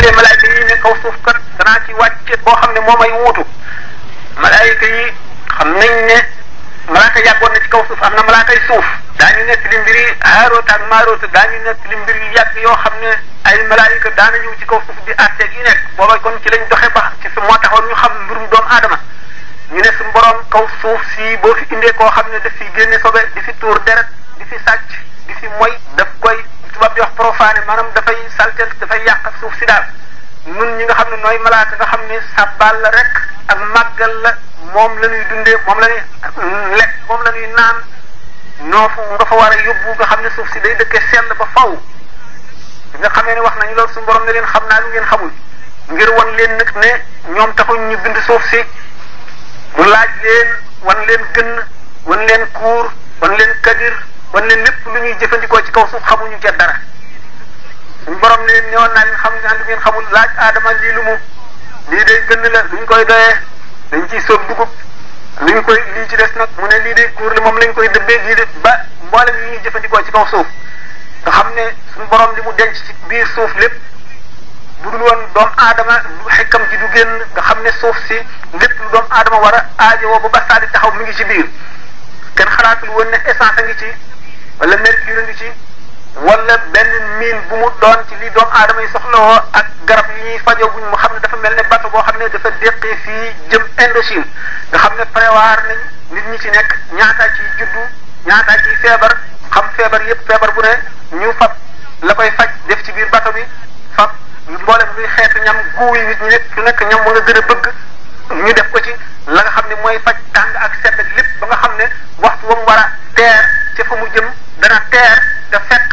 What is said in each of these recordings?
bari malaayka yi ne kaw suuf kat danaa ci wàcce koo xam ne moo may wuutu malaayka yi xam nañ ne malaaka yàggoon na ci kaw suuf am na malaakay suuf daañu nekk li mbiri Haaroot ak Maaroot daañu nekk li mbir yu yàgg yoo xam ne ay malaayka daana ñëw ci kaw suuf di àtteeg yu nekk booba kon ci lañ doxe ba ci su moo taxoon ñu xam mbirum doomu aadama ñu ne suñu borom kaw suuf si boo fi indee koo xam ne daf fiy génne sobe di fi tuur deret di fi sàcc di fi moy daf tubaab di wax profane maanaam dafay salte dafay yàq ak suuf si daal nun ñi nga xam ne nooy malaaka nga xam ne sàbbaal la rek ak màggal la moom la ñuy dundee moom la ñuy lekk moom naan noo fu nga fa war a yóbbu nga xam ne suuf si day dëkkee sell ba faw bi nga xamee ne wax nañu loolu suñu borom ne leen xam naa lu ngeen xamul ngir wan leen nag ne ñoom taxuñ ñu bind soof si mu laaj leen wan leen gën wan leen kuur wan leen kadir wan ne lépp lu ñuy jëfandikoo ci kaw suuf xamuñu ca dara suñ borom ne ne woon naa leen xam ne ngeen xamul laaj aadama lii lu mu lii day gën la luñ koy doyee dañ ciy soob dugub luñ koy lii ci des nag mu ne lii de kuur la moom lañ koy dëbbee lii de ba mboolem yi ñuy jëfandikoo ci kaw suuf nga xam ne suñ borom li mu denc ci biir suuf lépp bu dul woon doomu aadama xekkam ji du génn nga xam ne suuf si lépp lu doomu aadama war a aajowoo ba ba saa taxaw mu ngi ci biir kenn xalaatul woon ne essence a ci. wala mercure ngi ci wala benn miin bu mu doon ci li doomu aadama yi soxlawoo ak garab yi ñuy fajoo buñ mu xam ne dafa mel ne bato boo xam ne dafa déqee fii jëm Indochine nga xam ne prévoir nañ nit ñi ci nekk ñaata ciy juddu ñaata ciy feebar xam feebar yépp feebar bu ne ñu fab la koy faj def ci biir bato bi fab mboolem luy xeetu ñam guuy nit nekk su nekk ñam gën a bëgg ñu def ko ci la nga xam ne mooy faj tànk ak sedd lépp ba nga xam ne waxtu wa mu war a teer ca fa mu jëm dana teer te fekk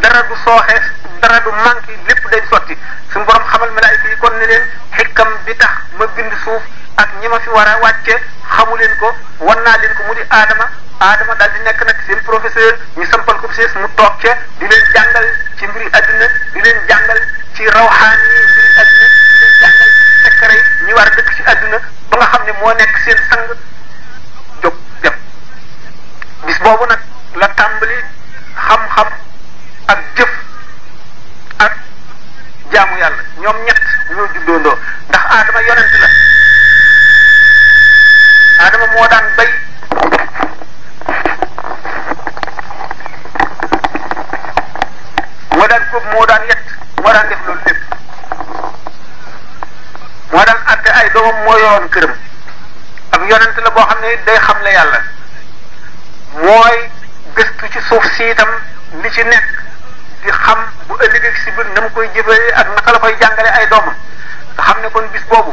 dara du sooxe dara du manqué lépp day sotti suñu borom xamal malaayika yi kon ne leen xikkam bi tax ma bind suuf ak ñi ma fi war a wàcce xamu leen ko wan naa leen ko mu di aadama aadama daal di nekk nag seen professeur ñu sampal ko siis mu toog ca di leen jàngal ci mbiri adduna di leen jàngal ci rawxaan yi mbiri adduna di leen jàngal sekkare ba nga xam ne moo nekk seen sang jóg dem bis nag la tàmbali xam-xam ak jëf ak jaamu yàlla ñoom ñett ñoo juddoondoo ndax aadama yonent la aadama moo daan bay moo daan góob moo daan yett moo daan def loolu lépp moo daan àtte ay doomam moo yoroon këram ak yonent la boo xam ne day xamle yàlla mooy gëstu ci suuf si itam li ci nekk di xam bu ëllëgee si biir na mu koy jëfee ak naka la koy jàngale ay doomam nga xam ne kon bis boobu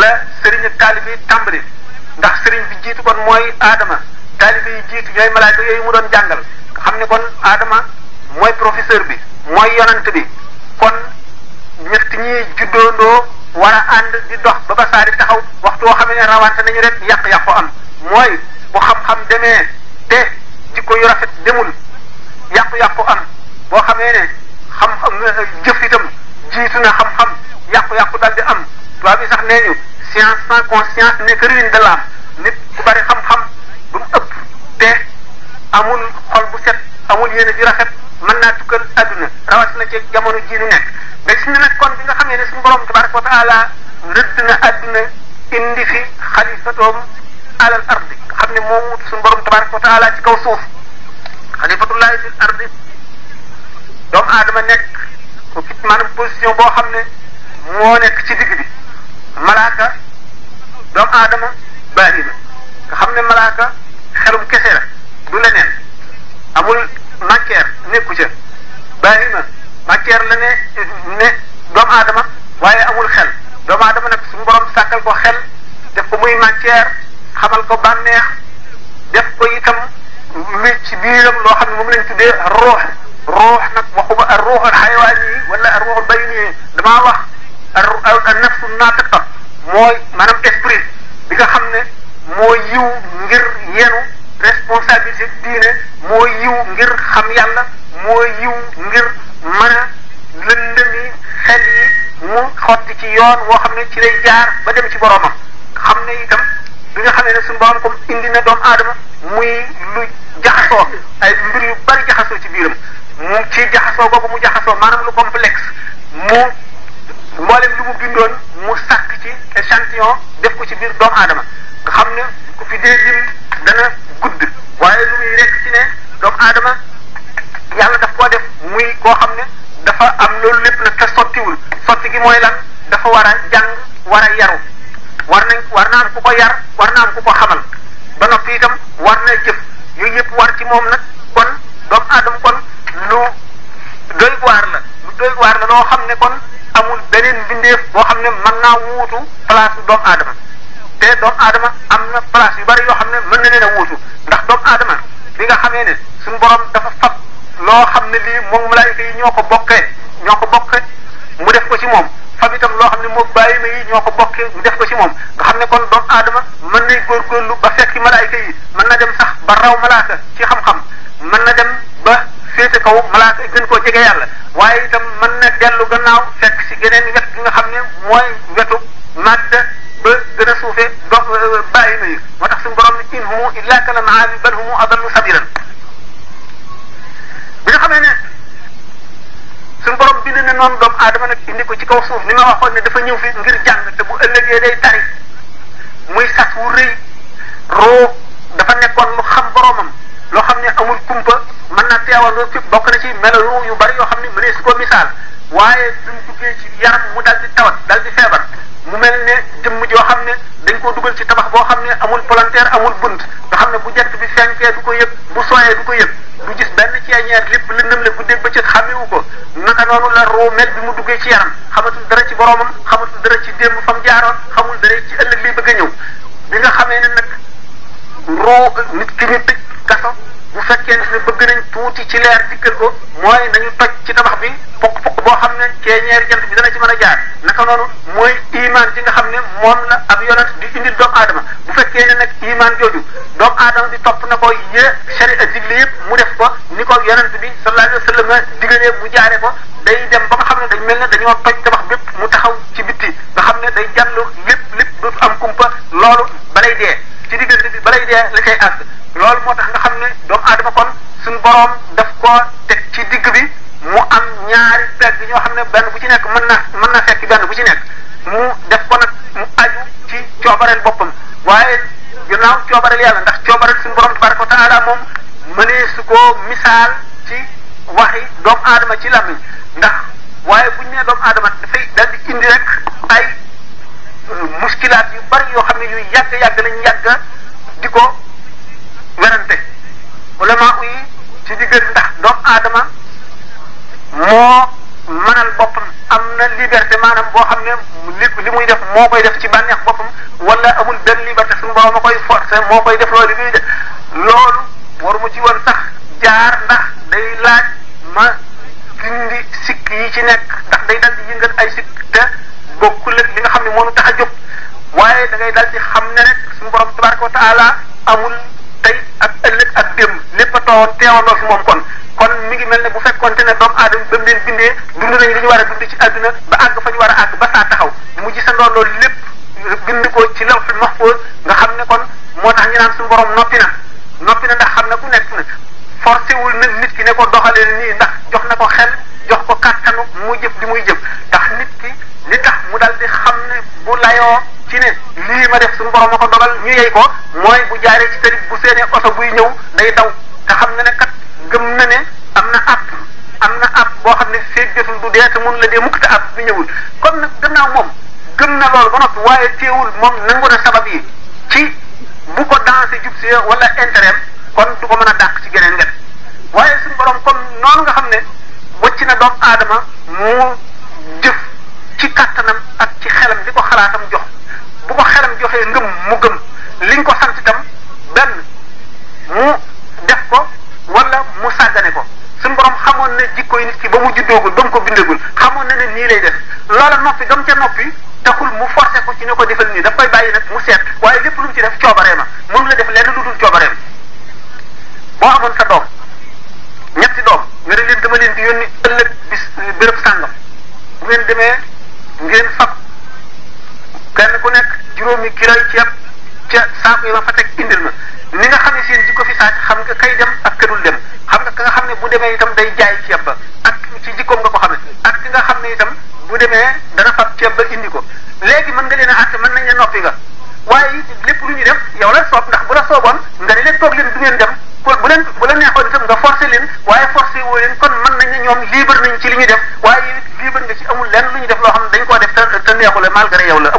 la sëriñ ak taalibe yi tàmbali ndax sëriñ bi jiitu kon mooy aadama taalibe yi jiitu ñooy malaayka yooyu mu doon jàngal nga xam ne kon aadama mooy professeur bi mooy yonant bi kon ñett ñi juddoondoo war a ànd di dox ba ba saa taxaw waxtu woo xam ne rawante nañu rek yàq-yàqu am mooy bu xam-xam demee te jikko yu rafet demul yàqu-yàqu am boo xamee ne xam-xam jëf itam jiitu na xam-xam yàqu-yàqu daal di am tubaab bi sax nee ñu science sans conscience n'est que ruine de l'âme nit ku bari xam-xam bu mu ëpp te amul xol bu set amul yéene ji rafet mën naa tukkal adduna rawatina ci jamono jii nu nekk nga gis ne nag kon bi nga xam ne suñu borom tabaraka wa taala rëdd na adduna indi fi xalifatoom alal ardi xam ne moo wut suñu borom tabaraka wa suuf xalifatullahi fil ardi doomu aadama nekk maanaam position boo xam ne moo nekk ci digg bi malaaka doomu aadama baaxi na xam ne malaaka xelum kese la du leneen amul matière nekku ca baaxi na matière la ne ne doomu aadama waaye amul xel doomu aadama nag suñu borom sàkkal ko xel def ko muy matière xamal ko bànneex def ko itam lu ci biiram loo xam ne moom lañ tuddee ruux ruux nag waxuma ar ruux al xayawaan yi wala ar ruux al bayni yi damaa wax ar ar nafsu naatiqa mooy maanaam esprit bi nga xam ne moo yiw ngir yenu responsabilité diine moo yiw ngir xam yàlla moo yiw ngir mën a lëndëmi xel yi mu xotti ci yoon woo xam ne ci lay jaar ba dem ci boromam xam ne itam bi nga xamee ne suñu borom comme indi na doomu aadama muy lu jaxasoo ay mbir yu bari jaxasoo ci biiram mu ci jaxasoo boobu mu jaxasoo maanaam lu complexe mu mboolem lu mu bindoon mu sàkk ci échantillon def ko ci biir doomu aadama nga xam ne ku fi dee lim dana gudd waaye lu muy rekk ci ne doomu aadama yàlla daf koo def muy koo xam ne dafa am loolu lépp nag te sottiwul sotti gi mooy lan dafa war a jàng war a yaru war nañ war na am ku ko yar war na am ku ko xamal ba noppi itam war na jëf yooyu yëpp war ci moom nag kon doomu aadama kon lu doy waar la lu doy waar la loo xam ne kon amul beneen mbindeef boo xam ne man naa wuutu place doomu aadama te doomu adama am na place yu bari yoo xam ne mën na leen a wuutu ndax doomu aadama bi nga xamee ne suñu borom dafa fab loo xam ne lii moom malaayika yi ñoo ko bokkee ñoo ko bokkee mu def ko ci moom fab itam loo xam ne moom bàyyi ma yi ba raw malaaka ci xam-xam mën na dem ba féete kaw malaaka gën koo jege yàlla waaye itam man na dellu gannaaw fekk si geneen wet gi nga xam ne mooy wetu màdd ba gën a suufe do bàyyi nañu moo tax suñu borom ne in humu illa kalam aabi bal humu adallu sabilan bi nga xamee ne suñu borom bind ne noonu doomu aadama nag ko ci kaw suuf ni ma waxoon ne dafa ñëw fi ngir jàng te tari muy sas wu rëy kon mu xam boromam loo xam ne amul kumpa man na teewandoo ci bokk na ci melo yu bari yoo xam ne mënees ko misaal waaye duñ mu dal di tawat dal di feebar mu mel ne jëmm joo xam ne dañ ko dugal ci tabax boo xam ne amul palanteer amul bunt nga xam ne bu jant bi fenkee du ko yëg bu sooyee du ko yëg du gis benn ceeñeer lépp lëndëm la guddeeg bëccëg wu ko naka noonu la ruu mel bi mu duggee ci yaram xamatul dara ci boromam xamatul dara ci démb fam jaaroon xamul dara ci ëllëg liy bëgg a ñëw bi nga xamee ne roo nit ki ñu tëj kaso bu fekkee ne bëgg nañ tuuti ci leer kël ko mooy nañu taj ci tabax bi pokk pokk boo xam ne ceeñeer jant bi dana ci mën a jaar naka noonu mooy iman ci nga xam ne moom la ab yonent di indi doomu aadama bu fekkee ne nag iman jooju doomu aadama bi topp na ko yé sharia digle yëpp mu def ko ni ko yonent bi sallallahu alayhi wa sallam nga digalee mu jaaree ko day dem ba nga xam ne dañ mel ne dañoo toj tabax bépp mu taxaw ci bitti nga xam ne day jàll lépp lépp dootu am kumpa loolu balay dee ci diggante bi balay dee la cay àgg loolu moo tax nga xam ne doomu aadama kon suñu boroom daf ko teg ci digg bi mu am ñaari pegg ñoo xam ne benn bu ci nekk mën na mën na fekk benn bu ci nekk mu def ko nag mu aju ci coobareel boppam waaye ginnaaw coobareel yàlla ndax coobareel suñu borom tabaraka wa taala moom mënee su ko misaal ci waxi doomu aadama ci làmmiñ ndax waaye buñ ne doomu adama dafay daal indi rek muskilaat yu bari yoo xam ne yu yàgg yàgg lañ yàgg di ko werante ulama yi ci diggante ndax doomu aadama moo mënal boppam am na liberté maanaam boo xam ne li li muy def moo koy def ci bànneex boppam wala amul benn liberté suñu borom a koy forcer moo koy def loolu li muy def loolu waru ci woon sax jaar ndax day laaj ma dindi sikk yi ci nekk ndax day dal di yëngal ay sikk te ku ak li nga xam ne moom tax a jóg waaye da ngay daal di xam ne rek suñu borom tabaraka wa taala amul tey ak ëllëg ak démb lépp a too teewandoo fi moom kon kon mi ngi mel ne bu fekkonte ne doomu aadama ba mu leen bindee dund nañ li ñu war a dund ci àdduna fa ñu war a ba saa taxaw mu gisandoo loolu lépp bind ko ci law fi mahfuz nga xam ne kon moo tax ñu naan suñu borom noppi na noppi na ndax xam na ku nekk na forcé wul nag nit ki ne ko doxalee nii ndax jox na ko xel jox ko kàttanu mu jëf di muy jëf ndax nit ki li tax mu dal di xam ne bu layoo ci ne lii ma def suñu borom ma ko dogal ñu yey ko mooy bu jaaree ci tëri bu seenee oto buy ñëw day daw te xam ne ne kat gëm na ne am na at am na at boo xam ne feeg deful du dee te mun la dee mukk te at bi ñëwul comme nag gannaaw moom gëm na loolu ba noppi waaye teewul moom nangu na sabab yi ci bu ko dansé jub si wala intérêt kon du ko mën a dàq ci geneen wet waaye suñu borom comme noonu nga xam ne wëcc na doomu aadama mu ci kattanam ak ci xelam li ko xalaatam jox bu ko xelam joxee ngëm mu gëm liñ ko sant itam benn mu def ko wala mu sàggane ko suñ borom xamoon na jikko yi nit ki ba mu juddoogul ba mu ko bindagul xamoon na ne nii lay def loola noppi gam ca noppi taxul mu forcé ko ci ne ko defal nii daf koy bàyyi nag mu seet waaye lépp lu mu ci def na mënu la def lenn lu dul coobareem boo amoon sa doom demee tam day jaay ceeb ba ak ci jikkoom nga ko xamee ak ki nga xam ne bu demee dana fab ceeb ba indi ko léegi mën nga leen a àtte mën nañ ne noppi nga waaye lépp lu ñu def yow la soob ndax bu la sooboon nga ne leen toog leen du ngeen dem bu leen bu la neexoon itam nga forcé leen waaye forcé woo leen kon mën nañ ne ñoom libre nañ ci li ñu def waaye libre nga ci amul lenn lu ñu def loo xam ne koo def te te neexu la malgré la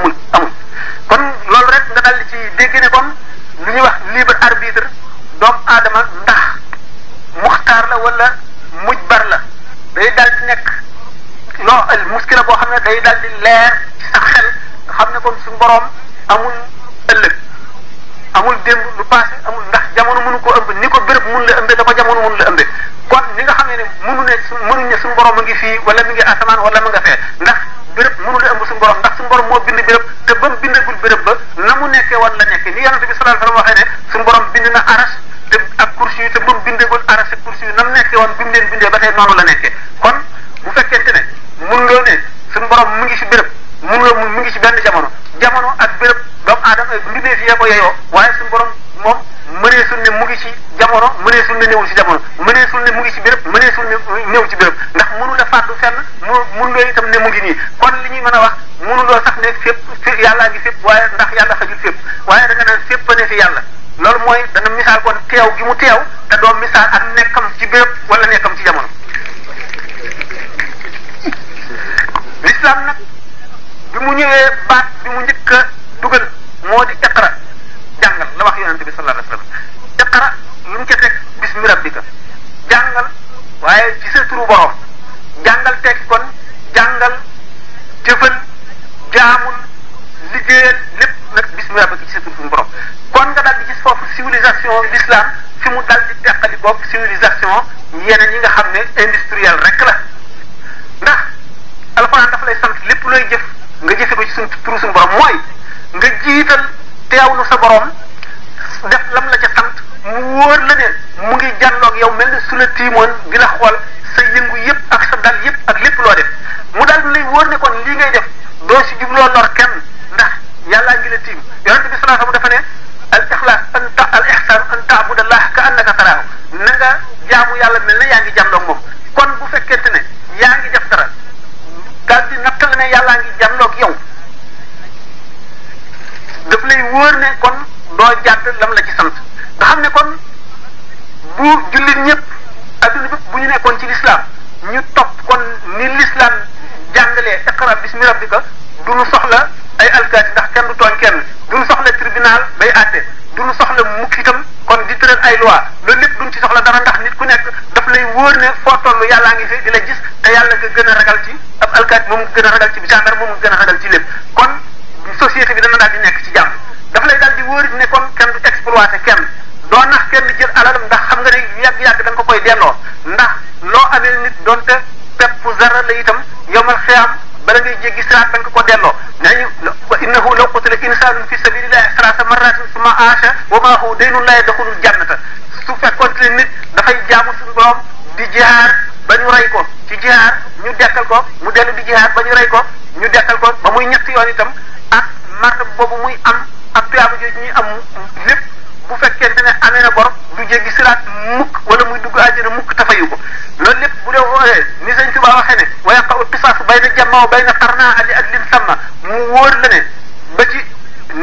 fii wala mi ngi asamaan wala mu nga fee ndax béréb mënu la ëmb suñu borom ndax suñu moo bind béréb te ba mu bindagul béréb ba na mu nekkee woon la nekkee ni yonente bi sallallahu alayhi wa sallam waxee ne suñu borom bind na aras te ak kursi yu te ba mu bindagul aras ak kursi yu na mu nekkee woon bi leen bindee ba tey noonu la nekkee kon bu fekkente ne mun loo ne suñu mu ngi si béréb mun loo mu ngi si benn jamono jamono ak béréb doomu aadama mbindeef yee ko yeyoo ne yàlla loolu mooy dana misaal kon teew gi mu teew te doom misaal ak nekkam ci béréb wala nekkam ci jamono lislaam nag bi mu ñëwee baat bi mu njëkk dugal moo di iqra jàngal la wax yonente bi sallallahu mel ne yaa ngi jàmloog moom kon bu fekkente ne yaa ngi def dara bi di natt la ne yàllaa ngi jàmloog yow daf lay wóor ne kon doo jàdd la alkaati moom gën a ragal ci gendarme moom gën a ragal ci lépp kon société bi dana daal di nekk ci jàmm daf lay daal di wóorit ne kon kenn du exploité kenn doo nax kenn jël alalam ndax xam nga ne yàgg-yàgg da koy delloo ndax loo amee nit donte pepp zara la itam yomal xiyaam bala ngay jéggi siraat da nga ko delloo nañu innahu law qutila insaanun fi sabilillahi salaasa marratin summa aasha wa maahu daynun laa yadxulul jannata su fekkoon ne nit dafay jaamu suñu borom di jaar ba ñu rey ko ci jihaad ñu dekkal ko mu dellu bi jihaad ba ñu rey ko ñu dekkal ko ba muy ñetti yoon itam ak màrta boobu muy am ak tuyaaba jooju ñu am lépp bu fekkente ne amee na bor du jéggi siraat mukk wala muy dugg àjjana mukk tafayu ko loolu lépp bu dee waxee ni sëñ Tuubaa waxee ne wa yaqa'u qisas bayna jamma wa bayna qarna ali adlin samma mu wóor la ne ba ci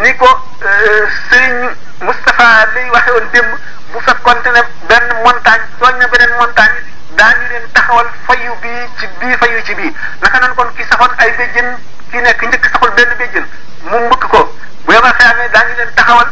ni ko euh, sëriñ Moustapha lay waxee woon démb bu fekkonte ne benn montagne tooñ na beneen montagne daañu leen taxawal fayu bii ci bii fayu ci bii naka nan kon ki saxoon ay béjjën ki nekk njëkk saxul benn béjjën mu ko bu yama xeamee daañu leen taxawal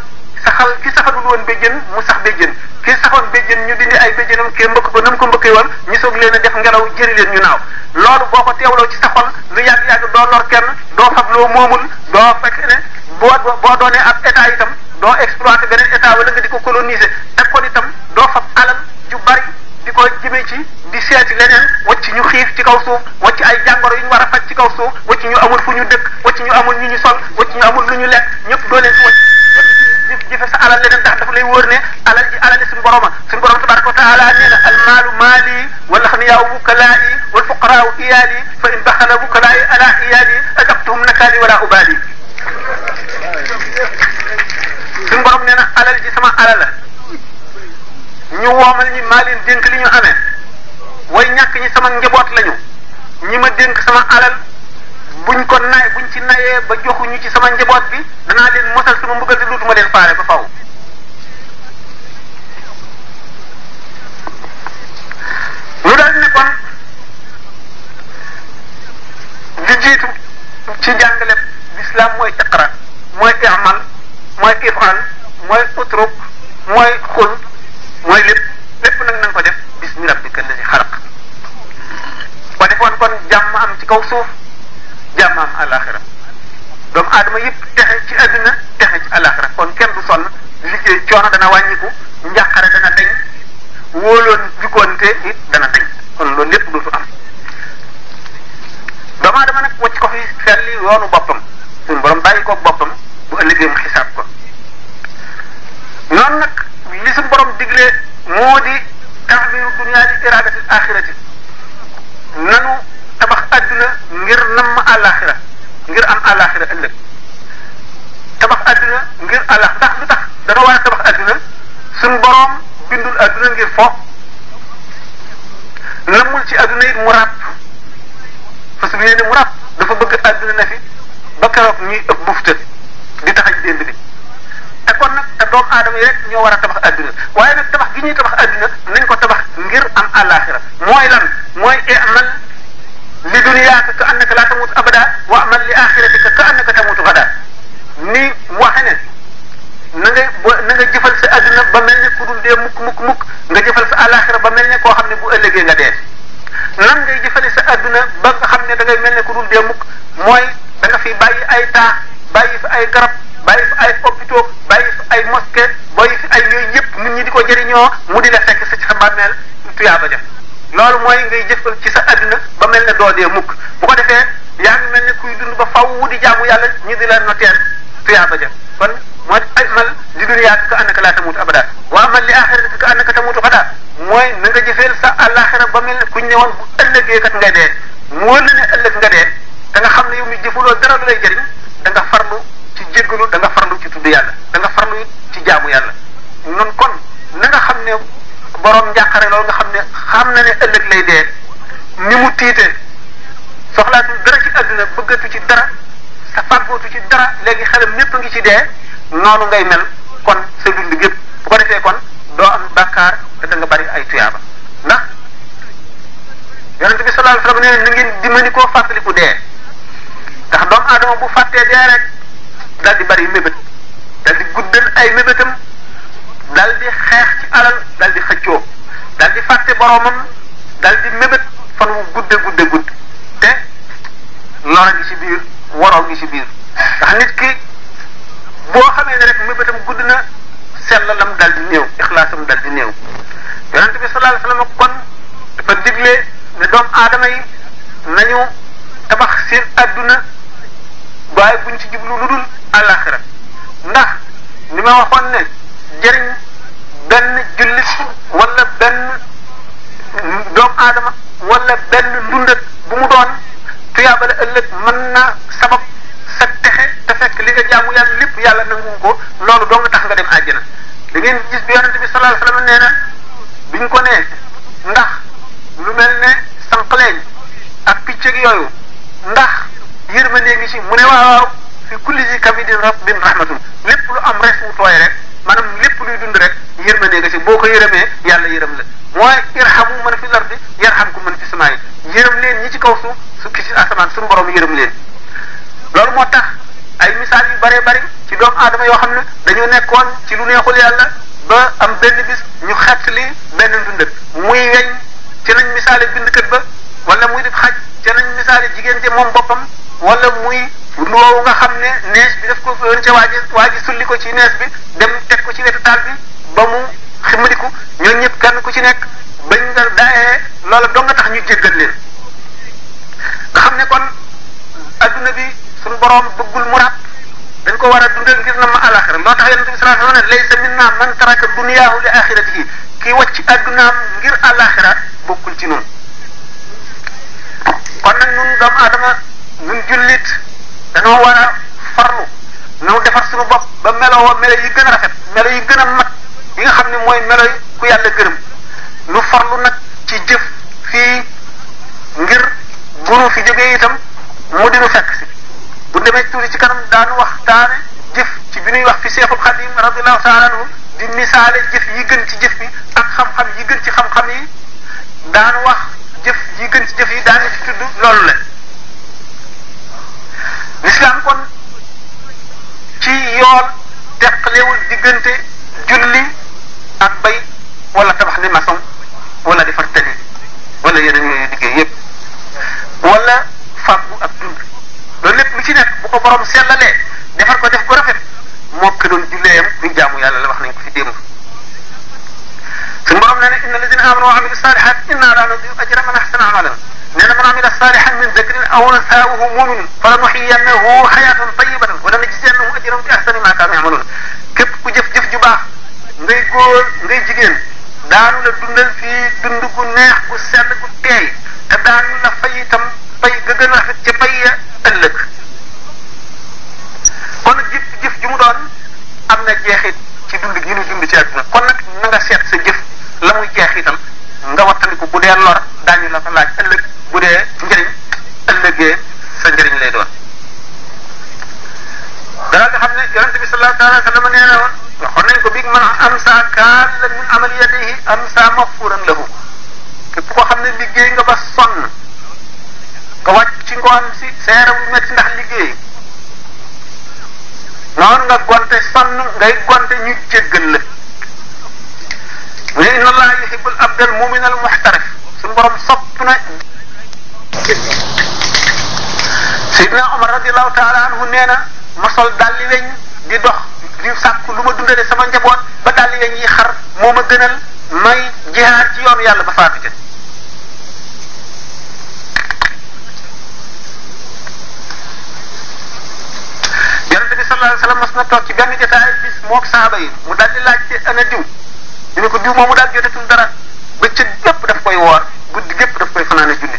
saxal ki saxalul woon béjjën mu sax béjjën ki saxoon béjjën ñu dindi ay béjjënam kee mbëkk ko na mu ko mbëkkee woon ñu soog leen def ngelaw jëri leen ñu naaw loolu boo ko teewloo ci saxoon lu yàgg-yàgg doo lor kenn doo fab loo moomul doo fekk ne boo boo doonee ab état itam doo exploité beneen état wala nga di ko coloniser teg kon itam doo fab alal ju bari di ko jëmee ci di seeti leneen wacc ñu xiif ci kaw suuf wacc ay jàngoro yu ñu war a faj ci kaw suuf wacc ñu amul fu ñu dëkk wacc ñu amul ñu ñu sol wacc ñu amul lu ñu lekk ñëpp doo leen si wacc jëfe sa alal leneen ndax dafa lay wóor ne alal ji alal suñu borom suñu borom tabaraka wa taala nee na al maalu maali wal axniyaaw bukalaa'i wal fuqaraa'u iyaali fa in baxala bukalaa'i ala iyaali azabtuhum wala ubaali suñu borom nee alal ji sama alal la ñu woomal maa leen dénk li ñu amee way ñàkk ñi sama njaboot lañu ñi ma dénk sama alal buñ ko nay buñ ci nayee ba joxuñu ci sama njaboot bi danaa leen mosal sama mbugal di luutuma leen faale ba faw lu daal ne kon di jiitu ci jàngale l'islam mooy iqra mooy i'mal mooy ifal mooy utruk mooy xul mooy lépp lépp nag na ko def bismi rabbika lazi xalaq ko defoon kon jàmm am ci kaw suuf jàmm am àllaaxira doomu aadama yëpp texe ci àddina texe ci àllaaxira kon kenn du sonn liggéey coono dana wàññiku njàqare dana deñ wóoloon jukkoonte it dana deñ kon loolu lépp dootu am doomu aadama nag wacc ko fi felli yoonu boppam suñu borom bàyyi ko boppam bu ëllëgee mu xisaab ko boroom digle moo di taxdiru dunia li iradatil axirati nanu tabax adduna ngir namm àllaaxira ngir am àllaaxira ëllëg tax dana war tabax adduna suñ borom bindul adduna ngir fo nammul ci adduna it mu ràpp fas yéene mu ràpp dafa bëgg adduna na fi ba keroog ñuy ëpp di taxaj dénd bi kon nag te doomu aadama yi rek ñoo war a tabax adduna waaye nag tabax gi ñuy tabax adduna nañ ko tabax ngir am àllaaxira mooy lan mooy amal li duniyaaka ka annaka laa tamutu abada wa amal li axiratika ka annaka tamutu gada ni waxe ne na nga na nga jëfal sa adduna ba mel ne ku dul dee mukk mukk mukk nga jëfal sa àllaaxira ba mel ne koo xam ne bu ëllëgee nga dee nan ngay jëfale sa adduna ba xam ne da ngay mel ne ku dul dee mukk mooy da nga fi bàyyi ay taax bàyyi fi ay garab bàyyi fi ay hôpitaux bàyyi fi ay mosquée bàyyi fi ay yooyu nit ñi di ko jëriñoo mu di la fekk sa ci sa bàmmeel tuyaaba ja loolu mooy ngay jëfal ci sa adduna ba mel ne doo dee mukk bu ko defee yaa ngi mel ne kuy dund ba faw di jaamu yàlla ñi di la noteel tuyaaba ja kon mooy ajmal li dunyaaka ka annaka laa tamuutu abadaa wa amal li aaxiratika ka annaka tamuutu xadaa mooy na nga jëfeel sa àllaaxira ba mel ne kuñ ne woon bu ëllëgee kat nga dee mu wër la ne ëllëg nga dee da nga xam ne yow mi jëfuloo dara lu lay jëriñ da ci jéggalu da nga farlu ci tudd yàlla da nga farlu ci jaamu yàlla nun kon na nga xam ne borom njàqare loolu nga xam ne xam na ne ëllëg lay dee ni mu tiite soxlaatu dara ci àdduna bëggatu ci dara sa fàggootu ci dara léegi xelam ñépp ngi ci dee noonu ngay mel kon sa dund gépp bu ko defee kon doo am bàkkaar te da nga bari ay tuyaaba ndax yonent bi sallallahu alayhi wasallam nee na ngeen di mën koo fàttaliku dee ndax doomu aadama bu fàttee dee rek dal di bari mébét daal di guddal ay mébétam daal di xeex ci alal daal di xëccoo daal di fàtte boromam daal di mébét fan wu gudde gudde gudd te lora ngi ci biir waroo ngi ci biir ndax nit ki boo xamee ne rek mébétam gudd na sellalam daal di néew ixlaasam daal di néew na bi sallallahu alayhi wasallam kon dafa digle ne doom aadama yi nañu tabax seen adduna bu ñu ci jublu lu dul àllaaxira ndax li ma waxoon ne jëriñ benn jullit wala benn doomu aadama wala benn ndundat bu mu doon tuyaabale ëllëg mën na sabab sa texe te fekk li nga jaamu yàlla lépp yàlla nangu ko loolu doo nga tax nga dem àjjana da ngeen gis bi yonente bi sallallahu alayhi wasallam nee na biñ ko nee ndax lu mel ne sànqaleñ ak picc yooyu ndax yërmande ngi ci mu ne waaw waaw fi kulli zi kabidin rabbin rahmatun lépp lu am res wu tooy rek maanaam lépp luy dund rek yërmande nga ci boo ko yërëmee yàlla yërëm la mooy irhamu man fi lardi yarhamku man fi samaay yërëm leen ñi ci kaw suuf su ki ci asamaan suñu borom yërëm leen loolu moo tax ay misaal yu bëree bëri ci doomu aadama yoo xam ne dañoo nekkoon ci lu neexul yàlla ba am benn bis ñu xett li benn ndundat muy weñ ci nañ bind bindkat ba wala muy def xaj ci nañ misaale jigéen te moom boppam wala muy loowu nga xam ne nees bi daf ko fóon ca waa sulli ko ci nees bi dem teg ko ci wetu taal bi ba mu ximadiku ñoom ñëpp kenn ku ci nekk bañ nga daayee loola doo nga tax ñu jéggal leen nga xam ne kon adduna bi suñu boroom bëggul mu dañ ko war a dundal ngir na ma alaxira loo tax yonente bi sallallahu alayhi wa sallam laysa minna man taraka duniyaahu li axiratihi kii wàcc addunaam ngir alaxira bokkul ci noonu kon nag nun doomu aadama ñun jullit dañoo war a farlu ñoo defar suñu bopp ba melo wa melo yi gën a rafet melo yi gën a mat yi nga xam ne mooy melo yi ku yàlla gërëm nu farlu nag ci jëf fii ngir guru fi jógee itam mu dinu fekk si bu demee tuuti ci kanam daanu wax daane jëf ci bi nuy wax fi Seexul Xadim radiyallahu taala anhu di misaale jëf yi gën ci jëf bi ak xam-xam yi gën ci xam-xam yi daan wax jëf yi gën ci jëf yi daan ci tudd loolu la lislaam kon ci yoon teqalewul diggante julli ak bay wala tabax li maçon wala defar tali wala yeneen yooyu liggéey yépp wala fàggu ak dund loolu lépp lu ci nekk bu ko borom sellalee defar ko def ko rafet moo ki doon julleeyam muy jaamu yàlla wax nañ ko fi démb suñu borom nee na inna lazina amanu wa amilu salihat inna la nudiu ajra man ahsana amalan nee na man amila salihan min dhakrin aw unsa wa huwa mu'min falanuhyiyannahu hayatan tayyibatan wa lanajziyannahum ajrahum bi ahsani ma kaanu ya'maluun képp ku jëf jëf ju baax ngay góor ngay jigéen daanu la dundal fii dund gu neex gu sell gu teey te daanu la fay itam fay ga gën a rafet ca fay ya ëllëg kon jëf jëf ju mu doon am na jeexit ci dund gi ñu dund ci àdduna kon nag na nga seet sa jëf la muy jeexital nga wattandiku bu dee lor daañu la fa laaj ëllëg bu dee njëriñ ëllëgee sa njëriñ lay doon dara nga xam ne yonente bi sallallahu alayhi wa sallam nee na woon waxoon nañ ko biig man min amal yadihi am mafuuran lahu képp koo xam ne liggéey nga ba sonn nga wàcc ci ngoon si sa yaram bu métti ndax liggéey noonu nga gonte sonn ngay gonte ñu jéggal la mu ne inna allaha yuhibbul abdal mu'minal muhtarif suñu borom sopp Seydina Omar radiyallahu taala nee na ma sol dalli weñ di dox di sàkku lu ma dundale sama njaboot ba dalli weñ yi xar moo ma gënal may jihaar ci yoonu yàlla ba faatu ca yonente bi sallallahu ci bis mook saaba yi mu daal di laajte ana diw ñu ne ko diw moom mu daal jotatul dara bëccëg gépp daf koy woor guddi gépp daf koy fanaane julli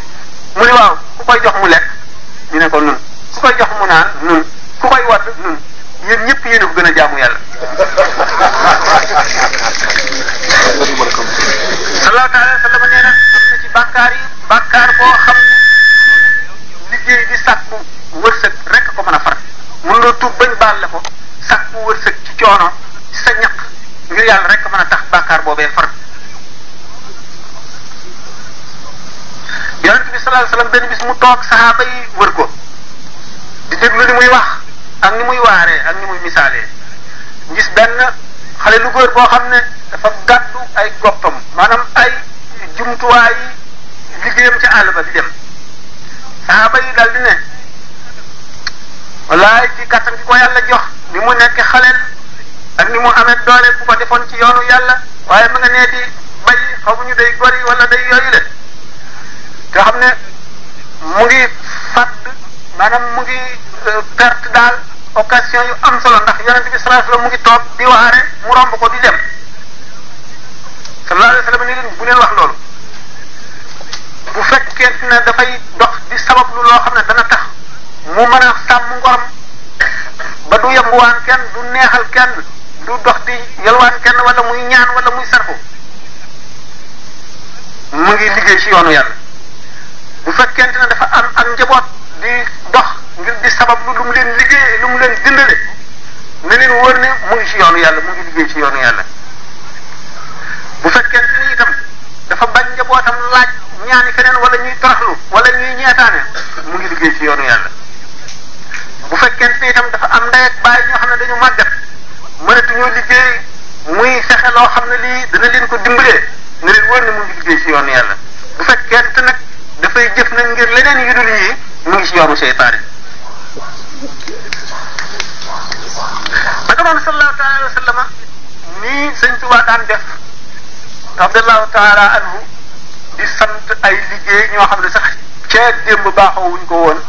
mu ne waaw ku koy jox mu lekk ñu ne ko nun ku koy jox mu naan nun ku koy wadd nun yéen ñëpp yéen a ko gën a jaamu yàlla. sallallahu alayhi wa sallam nee na ci bàkkaar yi bàkkaar boo xam liggéey di sàkku wërsëg rek ko mën a far mënuloo tuub bañ baal la ko sàkku wërsëg ci coono ci sa ñaq ngir yàlla rek mën a tax bàkkaar boobee far. yonent bi sallallahu alayhi wasallam benn bis mu toog saxaaba yi wër ko di déglu li muy wax ak ni muy waaree ak ni muy misaalee gis benn xale lu góor boo xam ne dafa gàddu ay goppam maanaam ay jumtuwaay yi liggéeyam ca àll ba di dem saxaaba yi dal di ne wallaay ci kàttan gi ko yàlla jox ni mu nekk xaleel ak ni mu amee doole bu ko defoon ci yoonu yàlla waaye mu nga nee di bay xamuñu day gori wala day yooyu nga xam ne mu ngi fàdd maanaam mu ngi euh, perte daal occasion yu am solo ndax yonent bi sallallahu alayhi wasallam mu ngi toog di waare mu romb ko di dem sallallahu alayhi wasallam ni leen bu leen wax loolu bu fekkee ne dafay dox di sabab loo xam ne dana tax mu mën a sàmm ngorom ba du yembuwaan kenn du neexal kenn du dox di yalwaan kenn wala muy ñaan wala muy sarfu mu ngi liggéey ci yoonu yàlla bu fekkente ne dafa am am njaboot di dox ngir di sabab lu mu leen liggéey lu mu leen dindale na leen wóor ne mu ngi ci yoonu yàlla mu ngi ci yoonu yàlla bu fekkente ni dafa bañ njabootam laaj ñaani keneen wala ñuy toroxlu wala ñuy ñeetaane mu ngi liggéey ci yoonu yàlla bu fekkente ni itam dafa am ndey ñoo xam ne dañu màggat mënatuñoo liggéey muy fexe loo xam ne lii dana leen ko dimbale na leen wóor ne mu ngi liggéey ci yoonu yàlla bu fekkente nag dafay jëf nag ngir leneen yu dul yii mu ngi si yoonu seytaane naka noonu sallallahu taala alayhi wa sallama nii sëñ Tuubaa def radiallahu taala anhu di sant ay liggéey ñoo xam ne sax ceeb démb baaxoo wuñ ko woon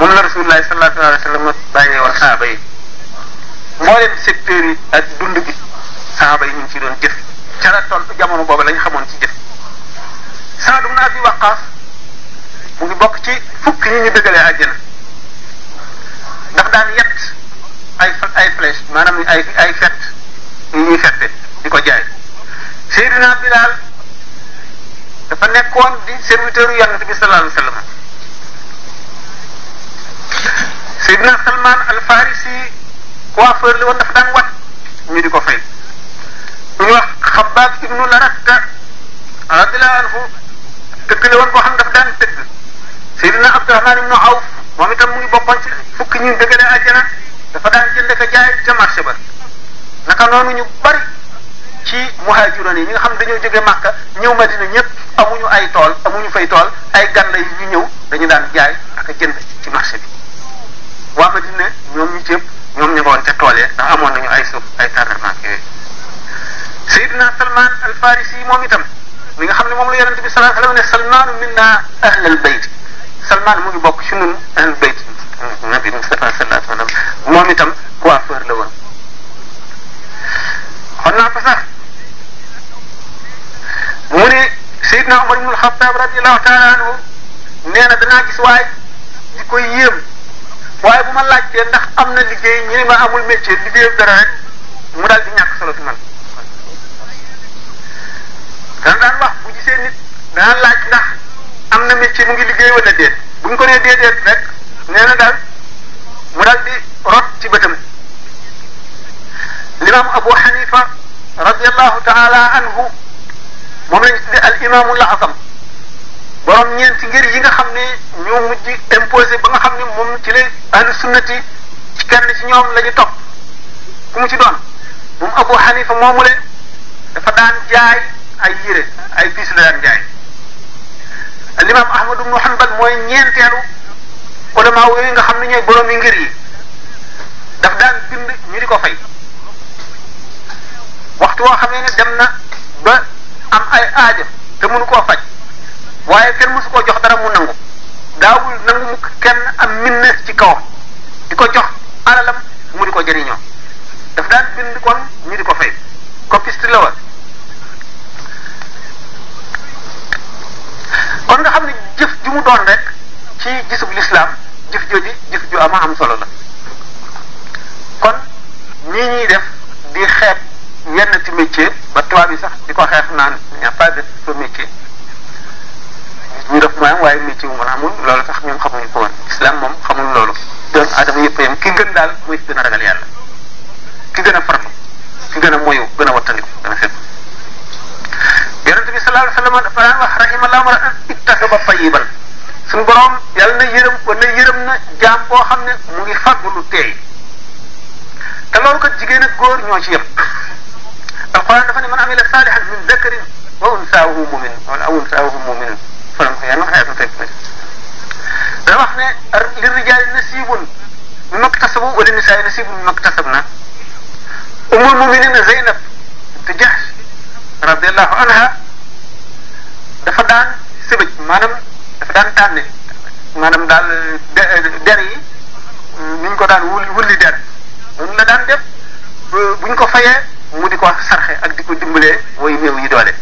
moom la rasulullahi sallallahu alayhi wa sallam bàyyee woon saaba yi mboolem secteur yi ak dund gi saaba yi ñu ngi ci doon jëf ca la toll jamono boobu lañ xamoon ci jëf Saad ibn Abi Waqqas mu ngi bokk ci fukk ñi ñu dëggalee àjjana ndax daan yett ay ay flèche maanaam ay ay fett yi ñuy fette di ko jaay Seydina Bilal dafa nekkoon di serviteur yu yonent bi sallallahu alayhi wa sallam Seydina Salman al Farisi coiffeur li woon dafa daan wat ñu di ko fay. ñu wax Xabbaab ibnu Laratta radiyallahu anhu tëgg la woon boo xam daf daan tëgg Seydina Abdourahmaan ibnu Awf moom itam mu ngi bokkoon ci fukki ñu dëgëre àjjana dafa daan jënd ka jaay ca marché ba naka noonu ñu bari ci muhaajiroon yi ñi nga xam dañoo jóge Màkka ñëw Madina ñëpp amuñu ay tool amuñu fay tool ay gan la ñu ñëw dañu daan jaay ak jënd ci marché bi waa Madina ñoom ñu jëpp ñoom ñu nga ca tool ya amoon nañu ay suuf ay tàndarmaak yooyu Seydina Salman al moom itam mi nga xam ne moom la yonente bi sallallahu alayhi wa sallam ne salmaanu minna ahlal bayt salmaan mu ngi bokk ci ñun ahlal bayt nabi Mustafa sallallahu alayhi wa sallam moom itam coiffeur la woon xon naa ko sax mu ne Seydina Umar na danaa gis waay di koy yéem waaye bu ma laajtee ndax am na liggéey ñu ne ma amul métier liggéeyam dara rek mu daal di ñàkk solo ci man dana daan wax bu gisee nit dana laaj ndax am na métier mu ngi liggéey wala déet bu ñu ko nee rek nee na daal mu daal di rot ci bëtam limaam Abu Hanifa radiallahu taala anhu moom lañ tudde nga xam ne ñoo mujj imposé ba nga xam ne ci lay ahlu sunnati ci kenn ci ñoom la ñu topp ku mu ci doon moom Abu Hanifa moomu le dafa daan jaay ay yére ay piis la daan jaay limaam ahmadu ibnu hanbal mooy ñeenteelu ulama yooyu nga xam ne ñooy borom yi ngir yi daf daan bind ñu di ko fay waxtu woo xam ne ni dem na ba am ay aajo te mënu koo faj waaye kenn mësu koo jox dara mu nangu daawul nangu mu kenn am minnes ci kawam di ko jox alalam mu di ko jëriñoo daf daan bind kon ñu di ko fay copiste la woon kon nga xam ne jëf ju mu doon rek ci gisub lislaam jëf jooju jëf ju ama am solo la kon ñii def di xeeb yenn ci métier ba tubaab bi sax di ko xeex naan ña pas de ñu def mooy am waaye métier wu mën amul loolu sax ñoom xamuñu ko woon moom xamul loolu doon adama yëpp yam ki gën daal mooy gën a ragal yàlla ki gën a farlu ki gën a moyu gën a wattandiku gën a fépp yonente bi sallallahu alayhi wa sallam dafa daan muttasiba fayiban suñu borom yàlla na yërëm wala yërëm na jaam boo xam ne mu ngi fàggu lu teey te loolu kat jigéen ak góor ñoo ci yem alquran dafa ne man amila saalihan min zakarin wa unsaahu mumin wala aw unsaahu mumin falam ko yàlla xayatu teg da wax ne li rijaali nasibun mi maktasabu wala nisaay nasibun mi maktasab na umul muminina Zeynab te Jahsh radiallahu anha dafa daan sëbëj maanaam dafa daan tànne maanaam daal der yi ni ñu ko daan wul wulli der moom la daan def bu ñu ko fayee mu di ko sarxe ak di ko dimbalee way néew yi doole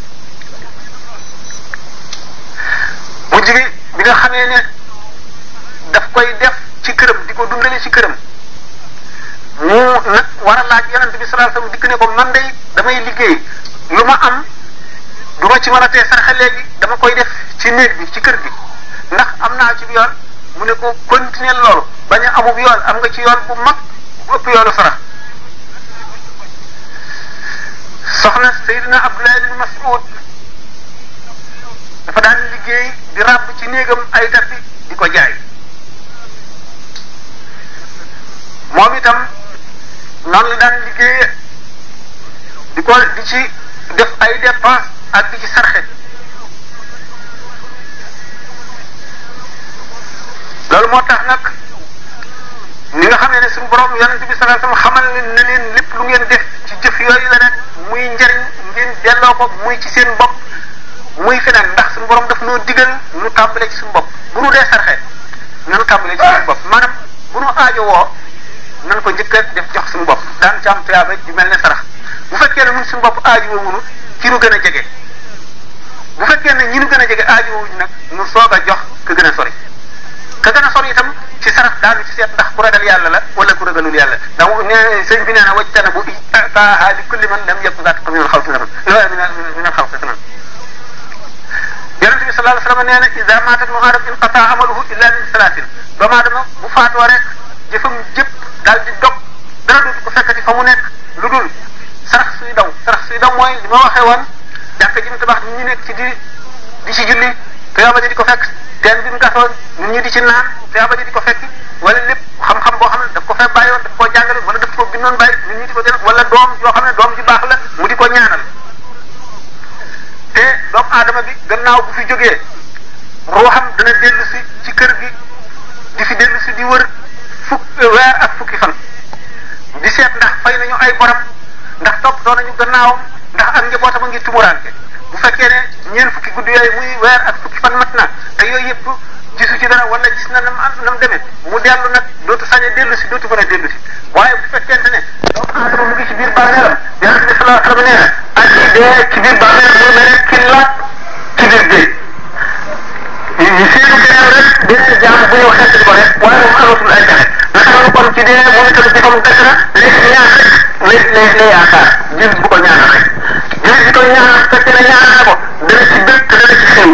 mujj gi bi nga xamee ne daf koy def ci këram di ko dundalee ci këram mu nag war a laaj yonent bi sallallahu alayhi wasallam dikk ne ko man day damay liggéey lu ma am du ma ci mën a tee saraxe léegi dama koy def ci néeg bi ci kër gi ndax am naa ci yoon mu ne ko continuer loolu ba a amub yoon am nga ci yoon bu mag bu ëpp yoonu sarax soxna Seydina Abdoulaye bin Mas'ud dafa daan liggéey di ràbb ci néegam ay darbi di ko jaay moom itam noonu la daan liggéeye di ko di ci def ay dépense ak di ci sarxe loolu moo tax nag ni nga xam ne ne suñu borom yonent bi sallallahu alayhi wasallam xamal ne neen lépp lu ngeen def ci jëf yooyu la nag muy njariñ ngeen delloo ko muy ci seen bopp muy feneen ndax suñu borom daf noo digal nu tàmbale ci suñ bopp bu nu dee sarxe nanu tàmbale ci suñu bopp maanaam bu aajo woo nan ko njëkk a def jox suñu bopp daan ci am tuyaaba mel ne sarax bu fekkee ne mun suñu bopp aajo woonu ci nu gën a jege bu fekkee ne ñi nu gën a jege aajowuñu nag mu soog a jox ka gën a sori ka gën a sori itam ci saraf daanu ci seet ndax ku ragal yàlla la wala ku ragalul yàlla ndax ne sëñ bi nee na wajtana bu itaaha li kulli man lam yakun zaat ko minal xawfi sanan loolu minal minal xawfi sanan yonente bi sallallahu alayhi wasallam nee na iza maatat ibnu aadam inqataa amaluhu illa min salaasin doomu aadama bu faatoo rek jëfam jëpp daal di dog dara dootu ko fekkati fa mu nekk lu dul sarax suy daw sarax suy daw mooy li ma waxee woon jàkka ji mu tabax nit ñi nekk ci di di ci ji di ko fekk ten bi mu gasoon nit ñi di ci naan tuyaaba ji di ko fekk wala lépp xam-xam boo xam ne daf ko fee bàyyoon daf koo jàngale wala daf ko bindoon bàyyi nit ñi di ko def wala doom yoo xam ne doom ji baax la mu di ko ñaanal te doomu aadama bi gannaaw bu fi jógee xam dana dellu si ci kër gi di fi dellu si di wër fukk weer ak fukki fan di seet ndax fay nañu ay borom ndax toppatoo nañu gannaawam ndax ak njabootam a ngi tumuraanke bu fekkee ne ñeent fukki guddi yooyu weer ak fukki fan mat na te yooyu yëpp gisu ci dara wala gis na nam am nam demee mu dellu nag dootu sañ a dellu si dootu mën a waaye bu fekkente ne doomu mu ngi ci biir bàmmeelam yonente bi sallallahu alayhi wa sallam nee na ak yi dee ci mu mel ki laaj ci biir ko rek waaye moom amatul ay jaxe xam kon ci dee moom itam ci fam dëkk na léegi ñaan rek lay lay yaakaar jël bu ko ñaanal rek jël bu ko ñaanal fekk na ñaanal na ko dana ci dëkk dana ci xew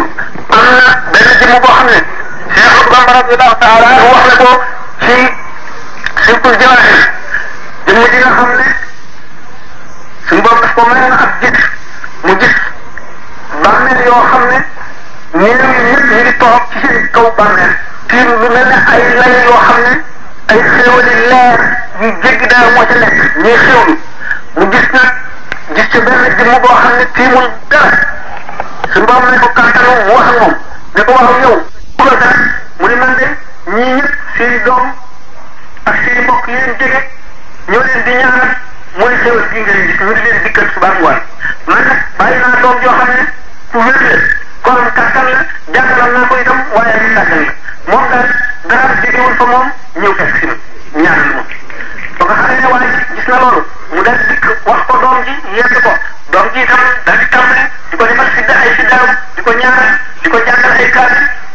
am na benn jëmm boo xam ne Cheikh Bamba radiyallahu taala wax na ko ci Hilkul Jawaahir jëmm ji nga xam ne suñu bopp daf ko mayoon ak gis mu gis bàmmeel yoo xam ne ñeneen ñëpp ñu ngi toog ci seen kaw bàmmeel tiir lu mel ne ay lay yoo xam ne ay xéwali leer yu jéggi moo ci nekk ñuy mu gis nag gis ca benn jëmm boo xam ne tiimul dara suñu mu wax ak moom ne ko yow mu ne man de ñii ñëpp seen doom a seen mbokk yi leen jege ñoo leen di ñaanal mooy xéwal gi ñu di leen dikkal suba ak ngoon man nag bàyyi ne ku wér la kon kàttan la jàngalal naa ko itam waaye li tàggal la moom dara jógewul fa moom ñëw fekk si mu ñaanal mu ba loolu mu dal dikk wax ko doom ji yedd ko doom ji itam daal di ko defal di ko ñaanal di ko jàngal ay kaat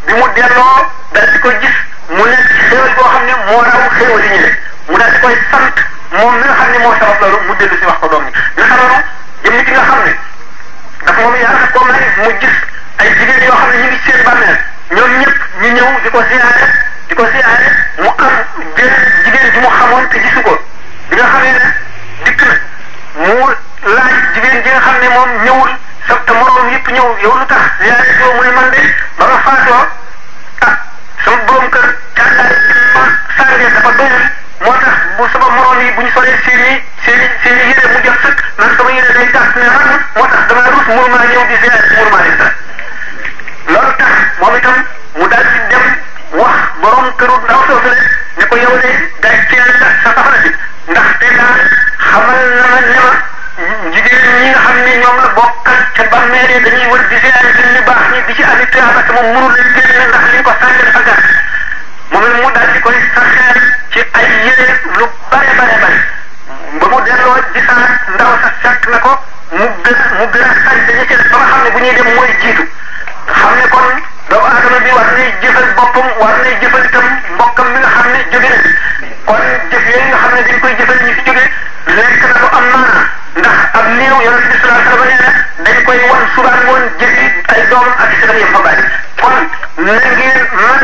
bi mu delloo daal di ko gis mu nekk xéewal boo xam ne moo raw xéewal yi ñu ne mu daal di koy sant moom mi xam ne moo sabab loolu mu dellu si wax ko doom ji naka noonu jëm ki nga xam ne yoo xam ne ñu ngi seen bàmmeel ñëw di ko ziyaare di ko siyaare mu am benn jigéen ji mu xamoon te gisu ko bi nga xamee ne dikk na mu laaj jigéen ji nga xam ne moom ñëwul sa te moroom yëpp ñëw yow lu tax siyaare doo mu ne man de ba nga faatoo ah sama borom kër càndaay bi ma sàngee dafa doyul moo tax bu sama moroom yi bu ñu solee seen i seen i seen i yére mu jot sëkk man sama yére day gàtt ne ràmm moo tax damaa rus mënumaa ñëw di siyaare mënumaa def dara loolu tax moom itam mu daal di dem wax borom këru ndaw soosu ne ne ko yow de gàcceel la sa safara si ndaxte daal xamal na ma ne ma jigéen ñi nga xam ne ñoom la bokkal ca bàmmeere dañuy wër di ziare seen ñu baax ñi di ci ami tuyaaba te moom mënu leen génne ndax liñ ko sànni dafa gàtt mu ne mu daal di koy saxeel ci ay yére lu bare bare bare ba mu delloo gisaat ndaw sa fekk na ko mu gën mu gën a sañ dañu ci ba xam ne bu ñuy dem mooy jiitu xam ne kon doomu aadama bi war nay jëfal boppam war nay jëfal itam mbokkam bi nga xam ne jóge na kon jëf yooyu nga xam ne dañ koy jëfal ñi fi jóge nekk na lu am maana ndax ab kon na ngeen man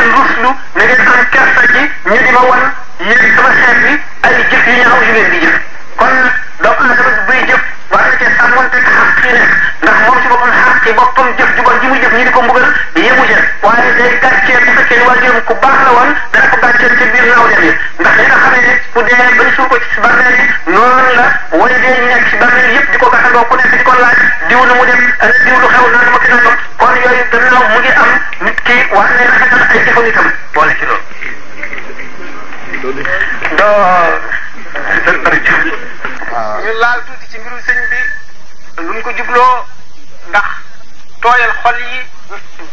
ruslu na ngeen am kersa ji ñu di ma sama xeet bi ay jëf yu ñaaw yu ngeen di jëf kon doomu aadama buy jëf war na cee sàmmonte xaq ci nekk ndax moom si boppam xaq ci boppam jëf ju ji muy jëf ñi di ko mbugal yemu ca waaye day gàcceel bu fekkee waajuram ku baax la woon dana ko gàcceel ci biir naw dem yi ndax li nga xamee ne ku dee bañ suul ko si bàmmeel yi noonu la way dee ñu nekk si bàmmeel yëpp di ko o ku nekk di ko laaj diw nu mu dem ana diw lu xew naan ma ki nangam kon yooyu gannaaw mu ngi am nit ki war na rafetal ay jëfam itam boole ci loolu. doo. ñu laal tuuti ci mbiru sëñ bi lu mu ko jubloo ndax tooyal xol yi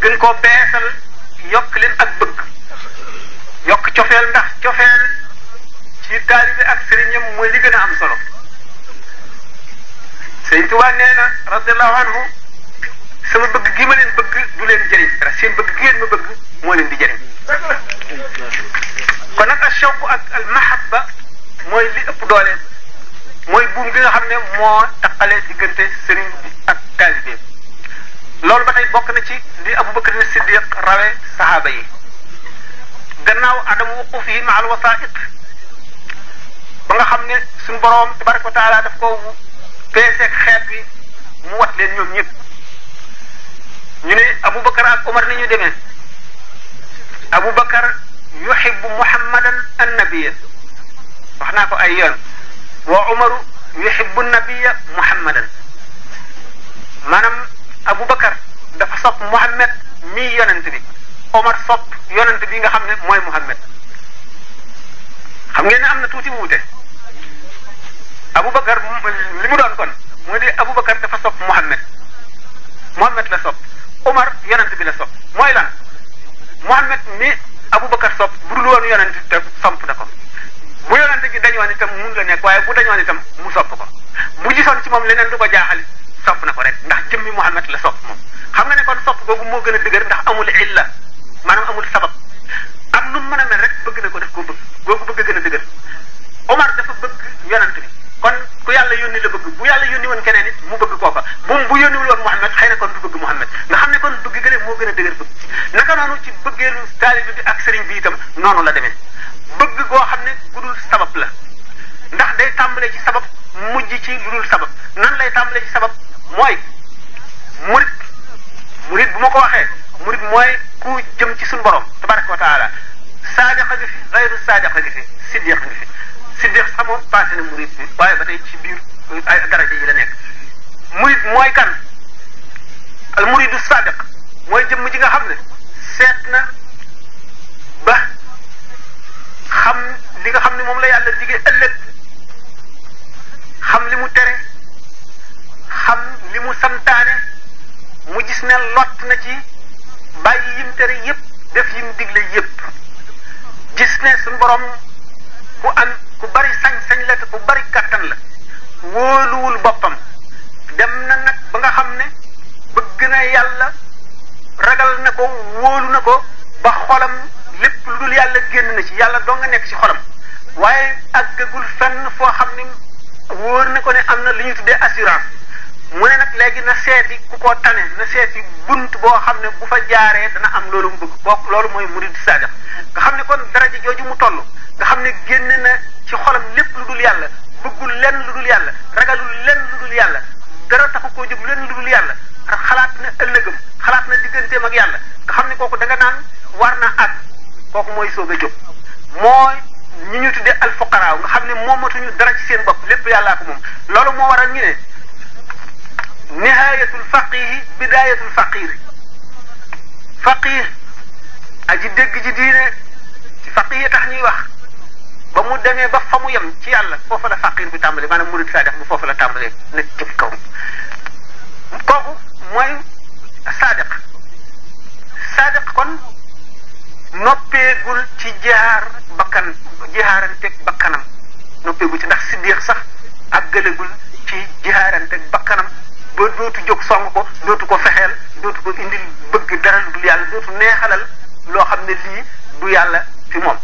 gën koo beesal yokk leen ak bëgg yokk cofeel ndax cofeel ci taalibe ak sëriñam mooy li gën a am solo sëñ Tuubaa nee na radiallahu anhu sama bëgg gi ma leen bëgg du leen jëriñ dara seen bëgg gi ngeen ma leen di jëriñ kon nag al shawq ak al mooy li ëpp doole mooy buum gi nga xam ne moo taqalee diggante sëriñ bi ak taalibe loolu ba bokk na ci li Abubakar ne Siddiq rawe saxaaba yi gannaaw adam wuquf ma al ba nga xam ne suñu boroom tabaraka wa taala daf ko peeseeg xeet wi mu wat leen ñoom ñëpp ñu ne Abubakar ak Omar ni ñu demee Abubakar yuhibbu Muhammadan annabiya wax naa ko ay yoon wa umaru yuhibbu nabiya muhammadan maanaam aboubacar dafa sopp muhammad mii yonent bi omar sopp yonent bi nga xam ne mooy muhammad xam ngeen ne am na tuuti wuute aboubacar li mu doon kon mooy di aboubacar dafa sopp muhammad muhammad la sopp omar yonent bi la sopp mooy lan muhammad mi aboubacar sopp bu dul woon yonent te somp na ko bu yonente gi dañu woon itam mun la nekk waaye bu dañu woon itam mu sopp ko bu gisoon ci moom leneen du ko jaaxal sopp na ko rek ndax jëmmi Muhammad la sopp moom xam nga ne kon sopp googu moo gën a dëgër ndax amul illa maanaam amul sabab am nu mu mën a mel bëgg na ko def ko bëgg googu bëgg gën a dëgër Omar dafa bëgg yonent bi kon ku yàlla yónni la bëgg bu yàlla yónni woon keneen it mu bëgg kooka moom bu yónniwul woon Muhammad xëy na kon du bëgg Muhammad nga xam ne kon bëgg gële moo gën a dëgër na naka noonu ci bëggeelu taalibe bi ak sëriñ bi itam noonu la demee bëgg goo xam ne gu dul sabab la ndax day tàmbale ci sabab mujj ci lu dul sabab nan lay tàmbale ci sabab mooy murit murit bu ma ko waxee murit mooy ku jëm ci suñu borom tabaraka wa taala saadiqa ngi fi gayru saadiqa ngi fi waaye ba ci biir ay daraja yi la nekk murit mooy kan jëmm ji nga xam ne seet na xam li nga xam ne moom la yàlla digee ëllëg xam li mu tere xam li mu santaane mu gis ne lott na ci bàyyi yim tere yépp def yim digle yépp gis ne suñu borom ku am ku bari sañ-sañ la ku bari kàttan la wóoluwul boppam dem na nag ba nga xam ne bëgg na yàlla ragal na ko wóolu na ko ba xolam lépp lu dul yàlla génn na ci yàlla doo nga nekk ci xolam waaye àggagul fenn foo xam ni wóor na ko ne am na lu ñu tuddee assurance mu ne nag léegi na seeti ku ko tane na seeti bunt boo xam ne ku fa jaaree dana am loolu mu bëgg boo loolu mooy murid sadiq nga xam ne dara daraja jooju mu toll nga xam ne génn na ci xolom lépp lu dul yàlla bëggul lenn lu dul yàlla ragalul lenn lu dul yàlla dara taxu koo jóg lenn lu dul yàlla xalaat na ëllëgam xalaat na digganteem ak yàlla nga xam ne kooku naan war na ak kooku mooy soog a jóg mooy ñi ñu tuddee alfuqaraaw nga xam ne moomatuñu dara ci seen bopp lépp yàllaa ko moom loolu moo waral ñu ne nihayatul faqihi bidayatul faqiri faqih aji dégg ji diine ci faqih tax ñuy wax ba mu demee ba fa mu yem ci yàlla foofu la faqir bi tàmbalee maanaam murid saa def mi foofu la tàmbalee nekk ci kaw kooku mooy saadiq saadiq kon noppeegul ci jaar bakkan jaaranteeg bakkanam noppeegul ci ndax siddiq sax ak àggalegul ci jaaranteeg bakkanam ba dootu jóg song ko dootu ko fexeel dootu ko indi bëgg dara lu dul yàlla dootu neexalal loo xam ne lii du yàlla fi moom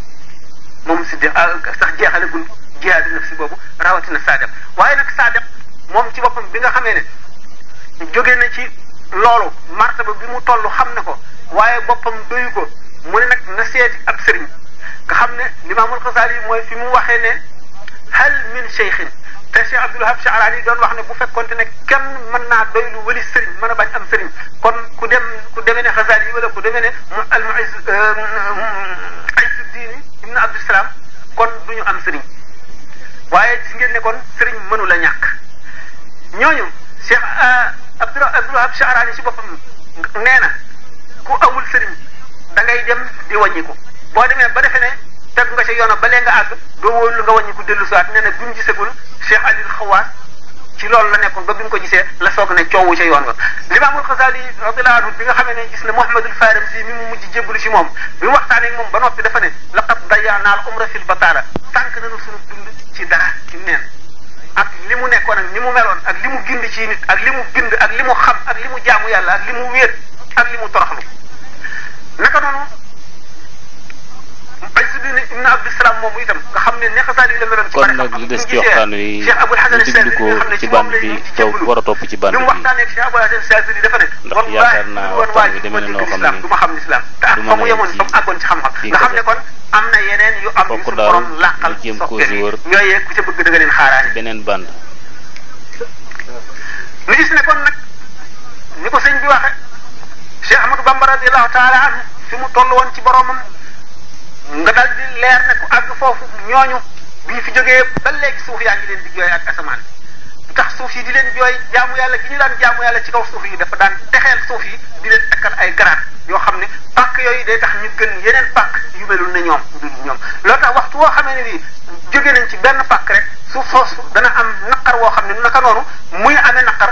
moom siddiq ah, sax jeexalegul jihaadu si boobu rawatina saadam waaye nag saadam moom ci boppam bi nga xamee ne jóge na ci loolu martaba bi mu toll xam ne ko waaye boppam doyu ko mu ne nag na seeti ab sëriñ nga xam ne li ma xasaali mooy fi mu waxee ne hal min cheikhin te Cheikh Abdul Wahab Sha'rani doon wax ne bu fekkonte ne kenn mën naa doy lu wëli sëriñ mën a bañ am sëriñ kon ku dem ku demee ne xasaali yi wala ku demee ne mu al muiz euh, mm, Izzuddin ibn Abdus Salaam kon du ñu waaye gis ngeen ne kon sëriñ mënu la ñàkk euh, si boppam nee na ku amul sëriñ. da ngay dem di wàññiku boo demee ba defe ne teg nga ca yoon ba léegi nga àgg doo wóolu nga wàññiku dellu si waat nee na bi mu gisagul Cheikh Alil Xawaas ci loolu la nekkoon ba bi mu ko gisee la soog ne coowu ca yoon wa limaamul Xasaali radiyallaahu bi nga xamee ne gis na Muhammadul Farimsi mi mu mujj jébbalu ci moom bi mu waxtaanee moom ba noppi dafa ne laqad dayyaanaa al umra fil bataala tànk nañu suñu dund ci dara ci neen ak li mu nekkoon ak ni mu meloon ak li mu gind ci nit ak li mu bind ak li mu xam ak li mu jaamu yàlla li mu wéet ak li mu toroxlu naka noonu Izzuddin ibn Abdusalaam moomu itam nga xam ne ne xasaal yi la meloon. kon nag li des ci waxtaan wi ñu déglu ko ci bànn bi toog war a topp ci bànn bi ndax yaakaar naa waxtaan wi demee na noo xam ne du ma mën a ji fokk daal ñu jéem koo si wër ci beneen bànn. ni gis ne kon nag ni ko sëñ bi waxee. Cheikh Ahmadou Bamba radiyallahu taala anhu fi mu toll woon ci boromam nga dal di leer ne ku àgg foofu ñooñu bii fi jógee ba lekk suuf yaa ngi leen di jooy ak asamaan lu tax suuf yi di leen jooy jaamu yàlla gi ñu daan jaamu yàlla ci kaw suuf yi dafa daan texeel suuf yi di leen takkal ay garaat yoo xam ne pàkk yooyu day tax ñu gën yeneen pàkk yu melul ne ñoom du ñoom loo tax waxtu woo xamee ne nii jóge nañ ci benn pàkk rek suuf soosu dana am naqar woo xam ne naka noonu muy amee naqar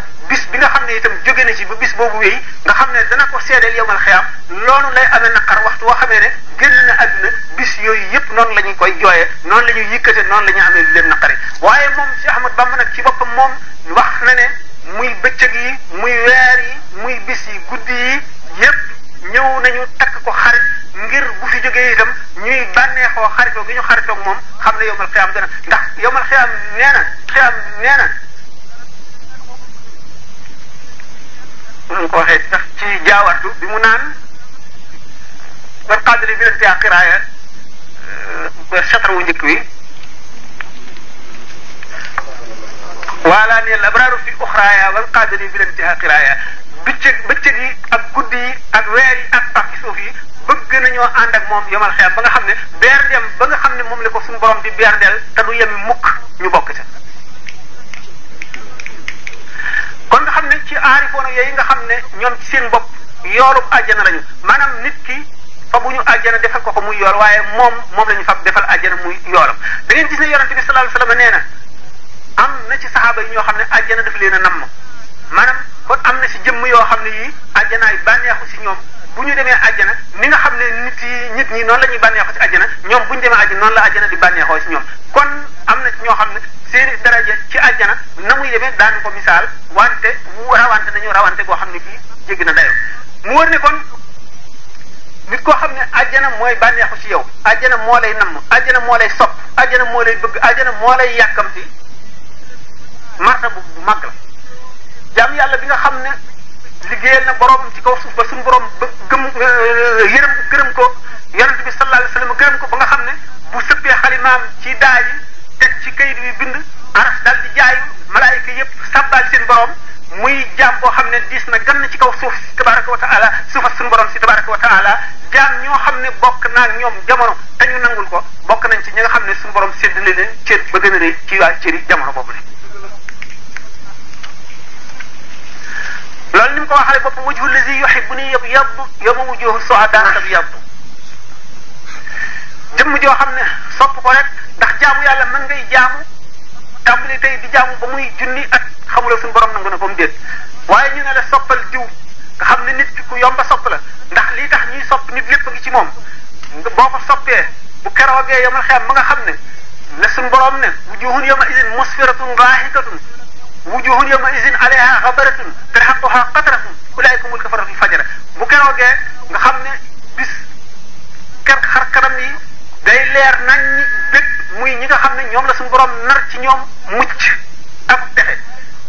jóge ci ba bis boobu wéy nga xam ne dana ko seedeel yowmal xiyaam loolu lay amee naqar waxtu woo xamee ne génn na àdduna bis yooyu yëpp noonu la ñu koy jooyee noonu la ñuy yëkkate noonu la ñuy amee lu leen naqari waaye moom Cheikh Ahmad Bamba nag ci boppam moom wax na ne muy bëccëg yi muy weer yi muy bis yi guddi yi yëpp. ñëw takk ko xarit ngir bu fi jógee itam ñuy bànneexoo xaritoo gi ñu xaritoog moom xam ne yowmal xiyaam dana ndax yowmal xiyaam nee na xiyaam nee na ñu ko waxee sax ci jaawartu bi mu naan wal qadri bi leen fi xiraaya ba satar wu njëkk wi wala ni al abraaru fi uxraaya wal qadri bi leen fi xiraaya bëccëg bëccëg yi ak guddi yi ak weer yi ak pax suuf yi bëgg nañoo ànd ak moom yomal xeer ba nga xam ne beer dem ba nga xam ne moom la ko suñu borom di beer te du yemi mukk ñu bokk ca kon nga xam ne ci aarifoona yi nga xam ne ñoom ci seen bopp yoolu àjjana lañu maanaam nit ki fa bu ñu àjjana defal ko ko muy yool waaye moom moom la ñu fa defal àjjana muy yoolam da ngeen gis ne yonente bi sallallahu alayhi wasallam nee na am na ci saxaaba yi ñoo xam ne àjjana daf leen a nam namm maanaam kon am na si jëmm yoo xam ne yii yi bànneexu si ñoom bu ñu demee àjjana ni nga xam ne nit yi nit ñi noonu la ñuy bànneexoo si àjjana ñoom bu ñu demee àjjana noonu la àjjana di bànneexoo si ñoom kon am na ñoo xam ne seeni daraja ci àjjana na muy demee daan ko misaal wante wante rawante nañu rawante goo xam ne bii jéggi na dayo mu wër ne kon nit koo xam ne àjjana mooy bànneexu ci yow àjjana moo lay namm àjjana moo lay sopp moo lay bëgg àjjana moo lay yàkkamti marta bu bu mag yàlla bi nga xam ne liggéeyal na boroomam ci kaw suuf ba suñu boroom ba gëm yërëm ko yonent bi sallallahu alayhi wa sallam gërëm ko ba nga xam ne bu sëppee xalimaam ci daaji sàbbaal seen borom muy jaam boo xam ne diis na gan ci kaw suuf si tabaraka wa taala suufa suñu borom si tabaraka wa taala jaam ñoo xam ne bokk naa ñoom jamono te ñu nangul ko bokk nañ ci ñi nga xam ne suñu borom sédd na leen ba gën a rëy ci waa cëri jamono boobu la. loolu ni mu ko waxale bopp wujhu lazi yuhibbu ni yab yab yawma wujuhu suadaa qad yab jëmm xam ne sopp ko rek ndax jaamu yàlla mën ngay jaamu. tàmbali tey di jaamu ba muy junni at la suñu borom nangu na ko mu déet waaye ñu ne la soppal diw nga xam ne nit ku yomba sopp la ndax lii tax ñuy sopp nit lépp ngi ci moom boo ko soppee bu keroogee yamal xeem ba nga xam ne la suñu borom ne wujuhun yawma idin musfiratun raahikatun wujuhun yawma idin alayha xabaratun tarhaquha qatratun ulaikumul kafaratu fajara bu keroogee nga xam ne bis ker xar kanam yi day leer nañ ñi bépp muy ñi nga xam ne ñoom la suñu borom nar ci ñoom mucc ak pexe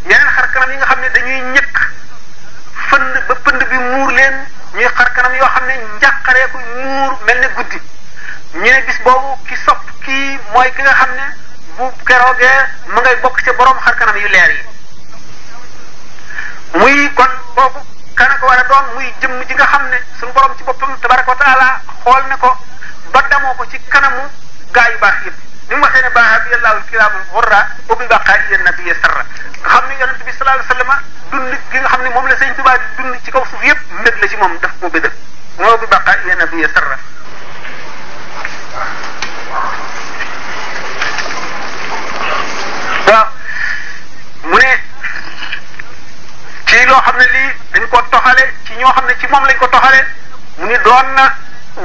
ñeneen xar kanam yi nga xam ne dañuy ñëkk fënd ba pënd bi muur leen ñuy xar kanam yoo xam ne njàqaree ko muur mel ne guddi ñu ne gis boobu ki sopp kii mooy ki nga xam ne bu keroogee mu ngay bokk ci borom xar kanam yu leer yi muy kon boobu kana ko war a doon muy jëmm ji nga xam ne suñu borom ci boppam tabaraka wa taala xool na ko ba damoo ko ci kanamu gaa yu baax yëpp ni mu waxee ne baabiyallaahul kiraamul xurra wa bi baqaa'i nabiyyi sarra nga xam ne yonent bi sallallahu alayhi wa sallam xam ne moom la sëñ Tuubaa di ci kaw suuf yëpp mbég la ci moom daf ko bëggal wa bi baqaa'i nabiyyi sarra waaw mu ne ci loo xam ne lii dañ ko toxale ci ñoo xam ne ci moom lañ ko toxale mu ne doon na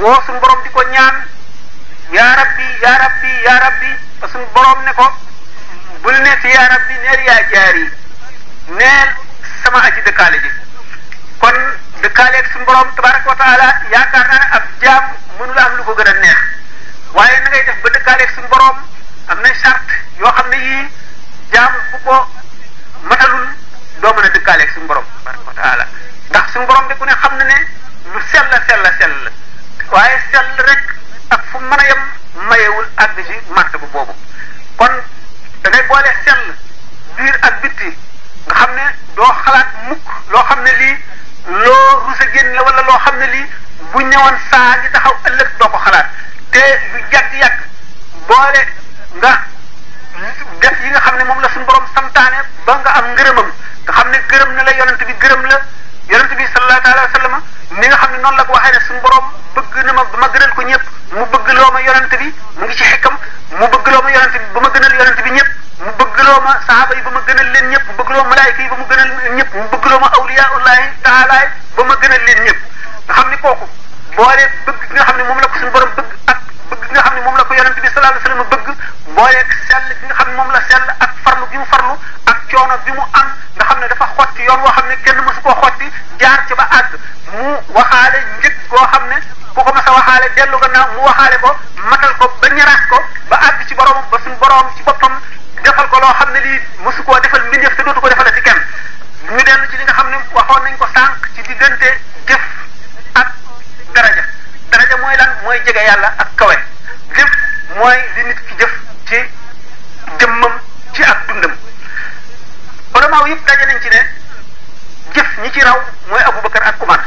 woo suñu borom di ko ñaan yaa rabbi yaa rabbi yaa rabbi ba suñu ne ko bul ne fi yi neel sama aji dëkkaale ji kon dëkkaale ak suñu borom tabaraka wa taala yaakaar naa ne ab jaam mënula am lu ko gën a neex waaye na ngay def ba dëkkaale ak suñu borom am na charte yoo xam ne yii jaam bu ko matalul doo mën a dëkkaale ak suñu borom tabaraka wa taala ndax suñu borom de ku ne xam na ne lu sell sell sell waaye sell rek. ak fu mën a yem mayewul àgg ci martaba boobu kon da ngay boole sell biir ak bitti nga xam ne doo xalaat mukk loo xam ne lii loo rusa génn la wala loo xam ne lii bu ñëwoon saa ngi taxaw ëllëg doo ko xalaat te lu yàgg-yàgg boole nga def yi nga xam ne moom la suñu borom santaane ba nga am ngërëmam nga xam ne gërëm na la yonent bi gërëm la yonent bi sallallahu alayhi wa sallam mi nga xam ne noonu la ko waxee ne suñu borom bëgg na ma ba ma gënal ko ñëpp mu bëgg loo ma yonent bi mu ngi ci xekkam mu bëgg loo ma yonent bi ba ma gënal yonent bi ñëpp mu bëgg loo ma saxaaba yi ba ma gënal leen ñëpp mu bëgg loo ma malaayika yi ba ma gënal ñëpp mu bëgg loo ma awliyaullahi taala ba ma gënal leen ñëpp nga xam ne kooku boolee bëgg nga xam ne moom la ko suñu borom bëgg ak bëgg nga xam ne moom la ko yonent bi sallallahu alayhi wasallam bëgg boolee sell gi nga xam ne moom la sell ak farlu gi mu farlu ak coono bi mu am nga xam ne dafa xotti yoon woo xam ne kenn mësu koo xotti jaar ci ba àgg mu waxaale njëg goo xam ne ku ko mas a waxaale dellu gannaaw mu waxaale ko matal ko ba ñaraat ko ba àgg ci boromam ba suñu borom ci boppam defal ko loo xam ne lii mësu koo defal mbindeef te dootu ko defal di kenn ñu dellu ci li nga xam ne waxoon nañ ko sànq ci diggante jëf ak daraja daraja mooy lan mooy jege yàlla ak kawe jëf mooy li nit ki jëf ci ulama yëpp daje nañ ci ne jëf ñi ci raw mooy Aboubacar ak Umar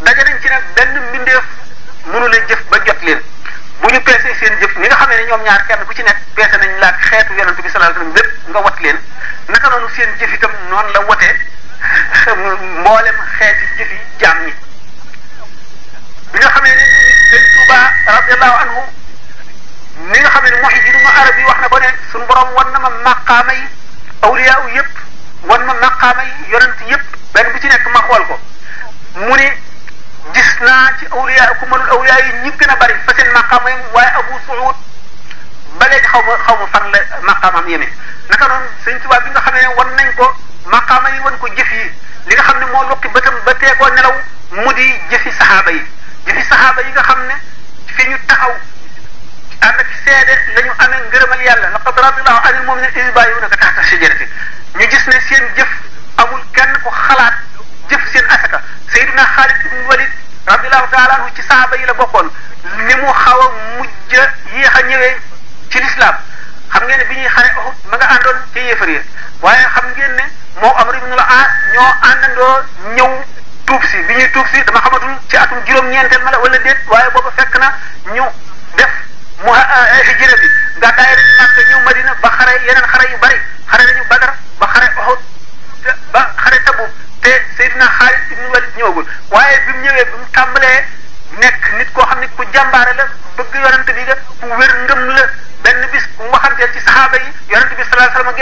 daje nañ ci nag benn mbindeef mënu leen jëf ba jot leen bu ñu peesee seen jëf ñi nga xamee ne ñoom ñaar kenn ku ci nekk peese nañ laaj xeetu yonent bi sallallahu alayhi wasallam lépp nga wat leen naka noonu seen jëf itam noonu la watee mboolem xeeti jëf yi jaam ñi bi nga xamee ne sëñ Tuuba radiyallahu anhu mi nga xamee ne Muhyiddin Arabi wax na ko ne suñu borom wan na ma maqaama yi awliyaaw yëpp wan ma maqaama yi ba yëpp benn bu ci nekk ma xool ko mu ne gis naa ci awliyaa ku mënul awliyaa yi ñi gën a bari fa seen maqaama yi waaye Abu Suud ba léegi xaw ma xaw ma fan la maqaamam yemee naka noonu sëñ Tuubaa bi nga xam ne wan nañ ko maqaama yi wan ko jëf li nga xam ne moo lokki bëtam ba teekoo nelaw mu di jëfi saxaaba yi jëfi saxaaba yi nga xam ne fi ñu taxaw ànd ak seede la ñu amee ngërëmal yàlla laqad radiyallahu anil mu'minina iz yubayi'unaka tahta shajarati ñu gis ne seen jëf amul kenn ko xalaat jëf seen asaka Seydina Xaalid ibn Walid radiyallahu taala ci saaba yi la bokkoon ni mu xaw a mujj yéex a ñëwee ci lislaam xam ngeen ne bi ñuy xare Uhud ma nga àndoon ci yéefar yi waaye xam ngeen ne moo Amr ibn al-As ñoo àndandoo ñëw tuub si bi ñuy tuub si dama xamatul ci atum juróom-ñeenteel ma la wala déet waaye booba fekk na ñu def mu hijra eh, eh, eh, bi gàddaay nañu Makka ñëw Madina ba xare yeneen xare yu bari xare nañu Badar ba xare Uhud ba xare Tabuk te Seydina Xaalid ibn Walid ñëwagul waaye bi mu ñëwee bi mu tàmbalee nekk nit koo xam ne ku jàmbaare la bëgg yonent bi la ku wér ngëm la benn bis mu waxanteel ci saxaaba yi yonent bi saxaaba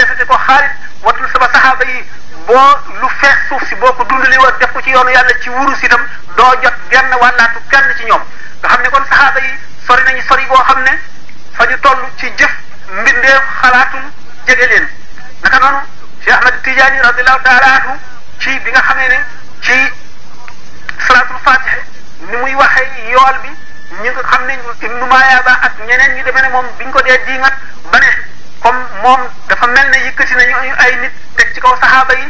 yi boo lu fees suuf si boo ko dundalee woon def ko ci yoonu yàlla ci wurus itam doo jot genn wàllaatu kenn ci ñoom nga xam ne kon saxaaba yi sori nañu sori boo xam ne fa ñu toll ci jëf mbindeef xalaatul jege leen naka noonu Cheikh Ahmad Tidiane radiallahu taala anhu ci bi nga xamee ne ci salaatul fatiha ni muy waxee yool bi ñi nga xam ne Ibnu Maayaaba ak ñeneen ñi demee ne moom biñ ko dee diiŋat ba comme moom dafa mel ne yëkkati nañu ay nit teg ci kaw saxaaba yi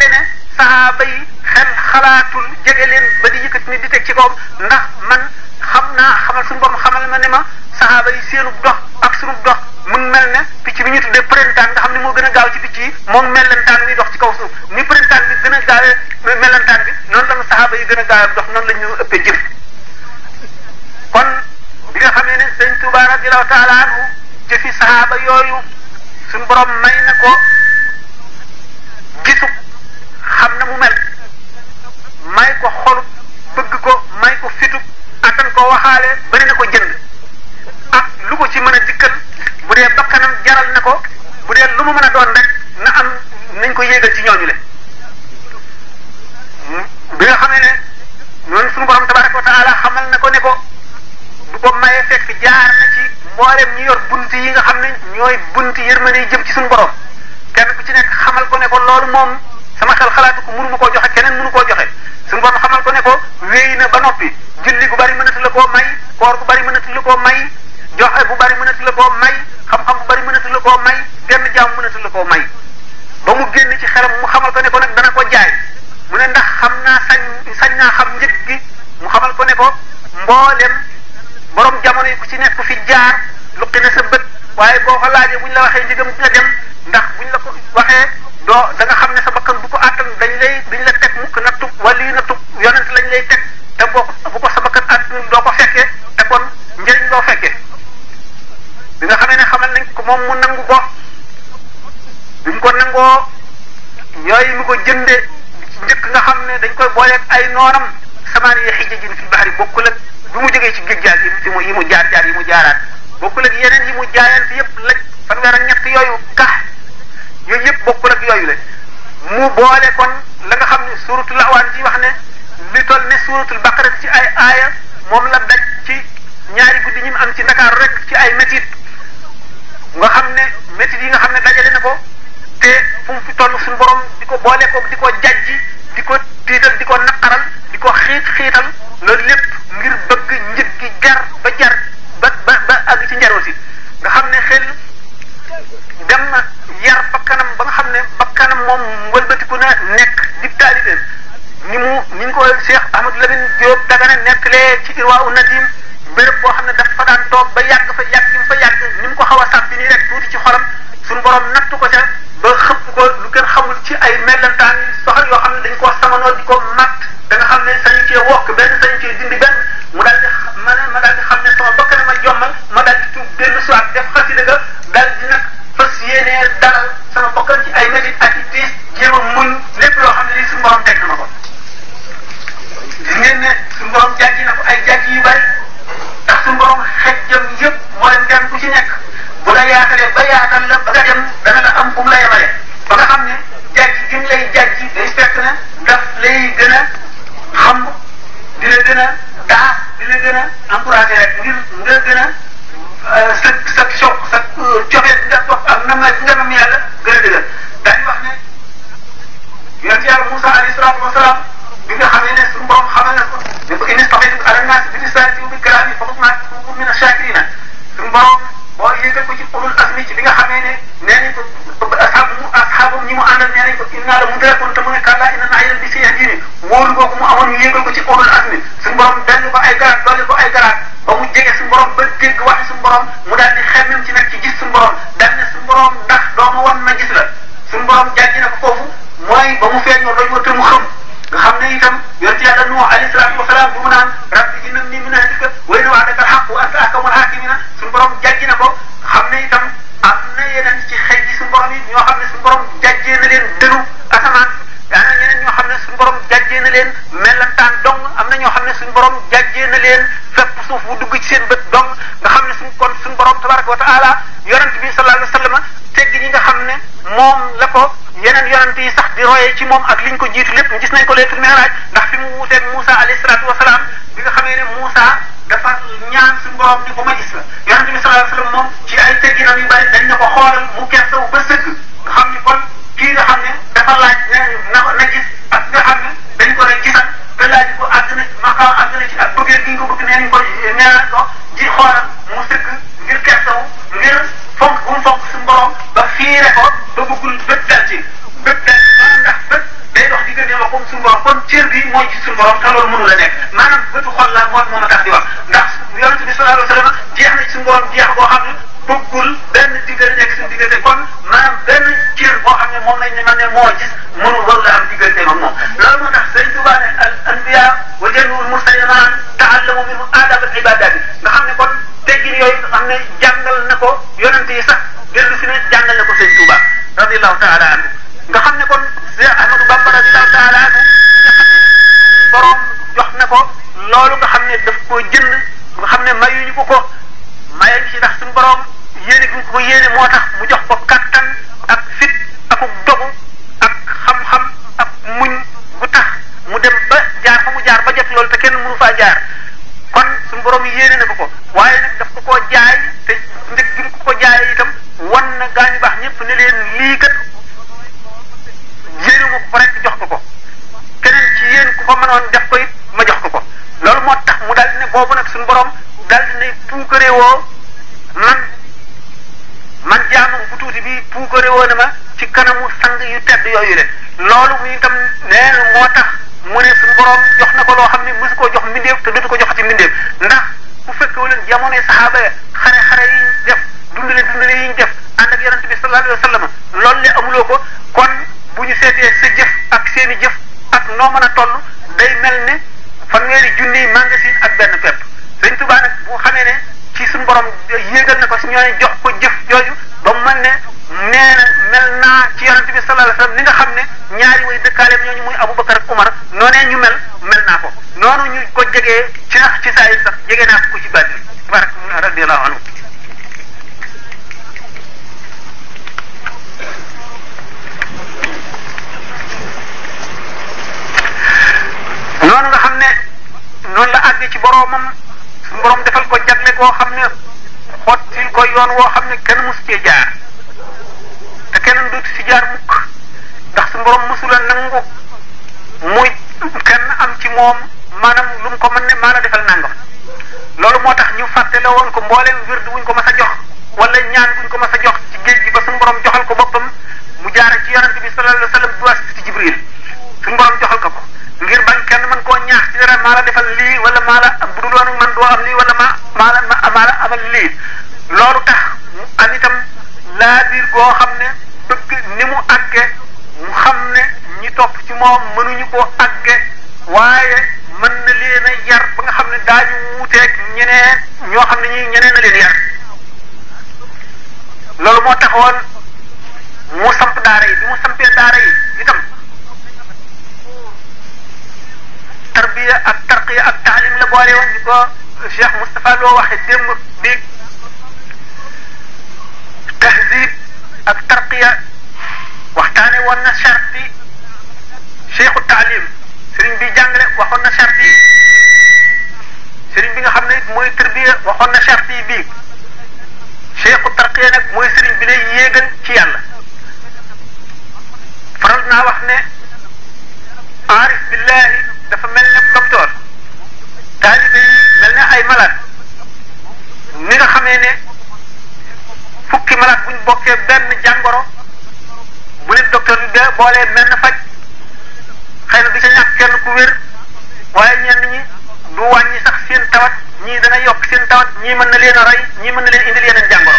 le ne saxaaba yi xel xalaatul jege leen ba di yëkkati nit ci kaw ndax man xam naa xamal suñu borom xamal ma ne ma saxaaba yi seenu dox ak suñu dox mu mel ne picc bi ñu tuddee printemps nga xam ne moo gën a gaaw ci picc yi moom melentaan bi dox ci kaw suuf ni printemps bi gën a gaawee melentaan bi noonu la ñu saxaaba yi gën a gaawee dox noonu la ñu ëppee jëf kon bi nga xamee ne sëñ Tuubaa radiyallaahu taala anhu jëfi saxaaba yooyu suñu borom may na ko gisu xam na mu mel may ko xolu bëgg ko may ko fitu attan ko waxaale bari na ko jënd ak lu ko ci mën a dikkal bu dee bakkanam jaral na ko bu dee lu mu mën a doon rek na am nañ ko yéegal ci ñooñu le bi nga xamee ne noonu suñu borom tabaraka wa taala xamal na ko ne ko du ko maye fekk jaar na ci mboolem ñi yor bunt yi nga xam ne ñooy bunt yërmande yi jëm ci suñu borom kenn ku ci nekk xamal ko ne ko loolu moom sama xel xalaatu ko mënu ma koo joxe keneen mënu koo joxe suñu borom xamal ko ne ko wéy na ba noppi julli gu bari a la koo may koor gu bari mënatu la koo may joxe bu bari mënatu la koo bu bari mënatu la koo may genn ba mu génn ci xelam mu xamal ko ne ko nag dana ko jaay mu ne ndax xam naa sañ sañ naa xam njëg gi mu xamal ko ne ko mboolem borom jamono yi ku ci nekk fi jaar luqi na sa bët waaye boo ko laajee buñ la waxee njëgam dina dem ndax buñ la ko waxee doo da nga xam ne sa bakkan bu ko àttan dañ lay duñ la teg mukk nattu booleeg ay noonam samaan yi xijajin fi baxari bokkul ak bi mu jógee ci géej yi mu yi mu jaar jaar yi mu jaaraat bokkul ak yeneen yi mu jaayante yëpp laj fanweer ak ñett yooyu kax yooyu yëpp bokkul ak yooyu la mu boole kon la nga xam ne suuratul awaan ji wax ne li toll ne suuratul baqara ci ay aaya moom la daj ci ñaari guddi ñi am ci ndakaaru rek ci ay métit nga xam ne métit yi nga xam ne dajale ne ko te fu mu fi toll suñu borom di ko boole ko di ko jajji di ko tiital di ko naqaral di ko xiit xiital loolu lépp ngir bëgg njëg gi jar ba jar ba ba ba àgg ci njar aussi nga xam ne xel dem na yar bakkanam ba nga xam ne bakkanam moom wëlbatiku na nekk di taalibeem ni mu ni ñu ko Cheikh Ahmad Lamine Diop Dagana nekkalee ci Irwaa Nadim béréb boo xam ne dafa daan toog ba yàgg fa yàgg ñu mu ko xaw a sàppi nii rek tuuti ci xolam suñu borom nattu ko ca. ba xëpp ko lu kenn xamul ci ay mellantaan soxal yoo xam ne dañ koo samanoo di ko matt da nga xam ne sañu cee wokk benn sañu cee dindi benn mu daal di ma ne ma daal di xam ne sama bakkan ma jommal ma daal di tuub dellu siwaat def xasida ga daal di nag fas yéenee dalal sama bakkan ci ay métit ak i tiis jéem a muñ lépp loo xam ne lii suñu borom teg na ma ko gis ngeen ne suñu borom jàjji na ko ay jàjji yu bari ndax suñu borom xejjam yëpp moo leen gan ku ci nekk bu la yaatalee ba yaatal la ba nga dem dana la am fu mu la yemale ba nga xam ne jàjj gi mu lay jàjj day fekk na daf lay gën a xam di la gën a daa di la gën a encouragé rek ngir nga gën a euh, sa sa soq sa euh, moom boobu mu amoon ñu yéegal ko ci ulul azmi suñu borom benn ko ay garaat dolli ko ay garaat ba mu jege suñu borom ba dégg waxi suñu borom mu daal di xemmem ci nag ci gis suñu borom daal ne suñu borom ndax dooma won ma gis la suñu borom jàjji na ko foofu mooy ba mu feeñoo dañu wa te mu xam nga xam ne itam yonent yàlla Nuux alayhi salaatu wasalaam bu mu naan ak liñ ko jiitu lépp gis nañ ko leetul miraaj ndax fi mu wuuteeg Moussa alayhi salaatu wasalaam bi nga xamee ne Moussa dafa ñaan suñu borom ni ko ma gis la yonente bi sallallahu alayhi wasallam moom ci ay tegginam yu bari dañ na ko xoolal mu kersaw ba sëgg nga xam ni kon kii nga xam ne dafa laaj na na gis ak nga xam ne dañ ko ne gisat ba laaj ko àgg na maqaam àgg na ci ak bëggee gi nga bëgg nee nañ ko neenañ ko ji xoolal mu sëgg ngir kersaw ngir fonk bu mu fonk suñu borom ba fiire ko ba bëggul bët dal ci bët dal diggante ma comme suñu borom kon cër bi mooy ci suñu borom te loolu mënu la nekk maanaam bëtu xol la moo moo ma tax di wax ndax yonente bi sallallahu alayhi wa sallam jeex na ci suñu borom jeex boo xam ne bëggul benn diggante nekk suñu diggante kon maanaam benn cër boo xam ne moom lañ ne man ne moo gis mënul war la am diggante moom moom loolu moo tax sëñ Tuubaa ne al anbiya wa jannul mursalin taallamu minhu adab al ibadat bi nga xam ne kon teggin yooyu nga xam ne jàngal na ko yonente yi sax dellu si ne jàngal na ko sëñ Tuubaa radiyallahu taala anhu nga xam ne kon Seex Ahmadu Bamba radiyallahu taala a li nga xam ne jox na ko loolu nga xam ne daf koo jënd nga xam ne mayuñu ko ko mayuñu si ndax suñu borom yéene gi ko yéene moo tax mu jox ko kattan ak fit ak dogu ak xam-xam ak muñ bu tax mu dem ba jaar fa jaar ba jot loolu te kenn mënu faa jaar kon suñu borom yéene na ko ko waaye nag ko koo jaay te njëg gi ko ko jaay itam wan na gaañu baax ñëpp ne leen lii kat. yéenuma ko rek jox ko ko keneen ci yéen ku ko mënoon def ko it ma jox ko ko loolu moo tax mu daal di ne boobu nag suñu borom daal di ne puukaree woo man man jaamam bu tuuti bi puukaree woo na ma ci kanamu sang yu tedd yooyu le loolu muy itam nee na moo tax mu ne suñu borom jox na ko loo xam ne mësu koo jox mbindeef te dootu ko jox ci mbindeef ndax bu fekkee wu leen jamonoy saxaaba ya xare-xare yi ñu def dundale dundale yi def ànd ak yonent bi sallallahu alayhi wa sallam loolu le amuloo ko kon. bu ñu seetee sa jëf ak seeni jëf ak noo mën a toll day mel ne fanweeri junniy magasin ak benn pepp sëñ Tuubaa nag xamee ne ci suñu borom yéegal na ko si ñooy jox ko jëf jooju ba mu mel ne nee na mel naa ci yonente bi sallallahu alayhi wasallam li nga xam ne ñaari way dëkkaaleem ñooñu muy Abubakar ak Umar noonee ñu mel mel naa ko noonu ñu ko jegee ci ci saa yi sax jege naa ko ci bàtt bi tabarak radiyallahu anhu noonu nga xam ne noonu la àgg ci boroomam suñu boroom defal ko jagle goo xam ne xottil ko yoon woo xam ne kenn mësu cee jaar te kenn duutu ci jaar mukk ndax suñu boroom mësula nangu muy kenn am ci moom maanaam lu mu ko mën ne maa la defal nangam loolu moo tax ñu fàtte la woon ko mbooleem wird wuñ ko mas a jox wala ñaan buñ ko mas a jox ci géej gi ba suñu boroom joxal ko boppam mu jaar ci yonent bi sallallahu alayhi wa ne maa la defal lii wala maa la bu dul woon man doo maa maa la maa la amal lii loolu tax mu am itam laa biir boo xam ne bëgg ni mu àgge mu xam ne ñi topp ci moom mënuñu koo àgge waaye mën na leen a yar ba nga xam ne daañu wuuteeg ñeneen ñoo xam ne ñii ñeneen na leen yar loolu moo taxoon mu samp daara yi mu sampee daara yi tarbiya ak tarqiya ak taalim la boole woon ñu ko Cheikh Moustapha loo bi tahzib ak tarqiya waxtaane woon na sharti bi jàngale bi nga xam ne it mooy tarbiya waxoon na sharti nag mooy sëriñ bi lay yéegal ci yàlla faral wax ne aarif billahi dafa mel ne docteur taalibe yi mel ne ay malade ni nga xamee ne fukki malade buñ bokkee benn jàngoro bu leen docteur bi boolee mel na faj xëy na bi ca ñàkk kenn ku wér waaye ñenn ñi du wàññi sax seen tawat ñii dana yokk seen tawat ñii mën na leen a rey ñii mën na leen indil yeneen jàngoro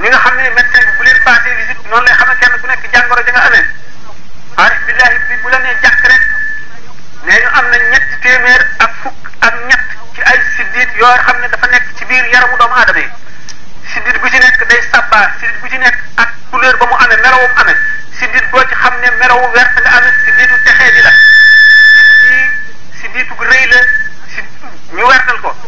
ñi nga xam ne médecin bi bu leen passé visite noonu lay xam kenn ku nekk jàngoro ja nga amee arif billahi bi bu la nee jàkk rek nee ñu am na ñett téeméer a fukk ak ñett ci ay siddit yoo xam ne dafa nekk ci biir yaramu doomu aadama yi siddit bu ci nekk day sabbaar siddit bu ci nekk ak couleur ba mu amee melawum amee siddit boo ci xam ne melawu wert nga amee sidditu texee di la ci sidditu gu rëy la si ñu wertal ko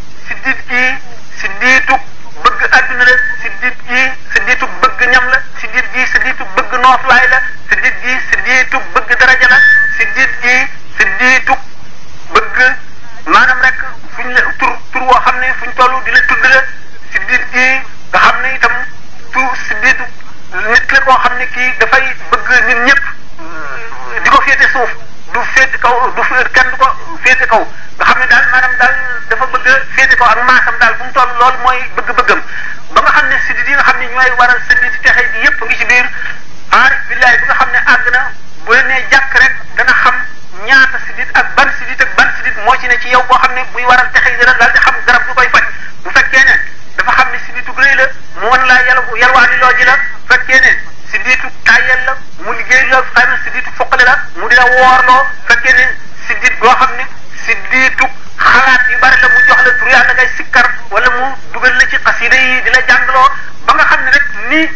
bëgg féete ko ak maasam daal bu mu toll lool bëgg-bëggam ba nga xam ne siddi yi nga xam ne ñooy waral sëddi ci texe bi yépp ngi ci biir aarif billaay bi nga xam ne àgg na bu leen nee jàkk rek dana xam ñaata sidit ak ban sidit ak ci ne ci ne buy waral texe yi dana daal di xam garab du faj bu fekkee ne dafa xam ne siditu rëy la mu wan laa yàlla a loo ji la bu fekkee siditu tayel mu liggéey la xam ne siditu foqale la mu dina woorloo bu fekkee ne sidit siditu xalaat yu bari la mu jox la tur yàlla ngay sikkar wala mu dugal la ci xasida yi di la jàngloo ba nga xam ne rek nii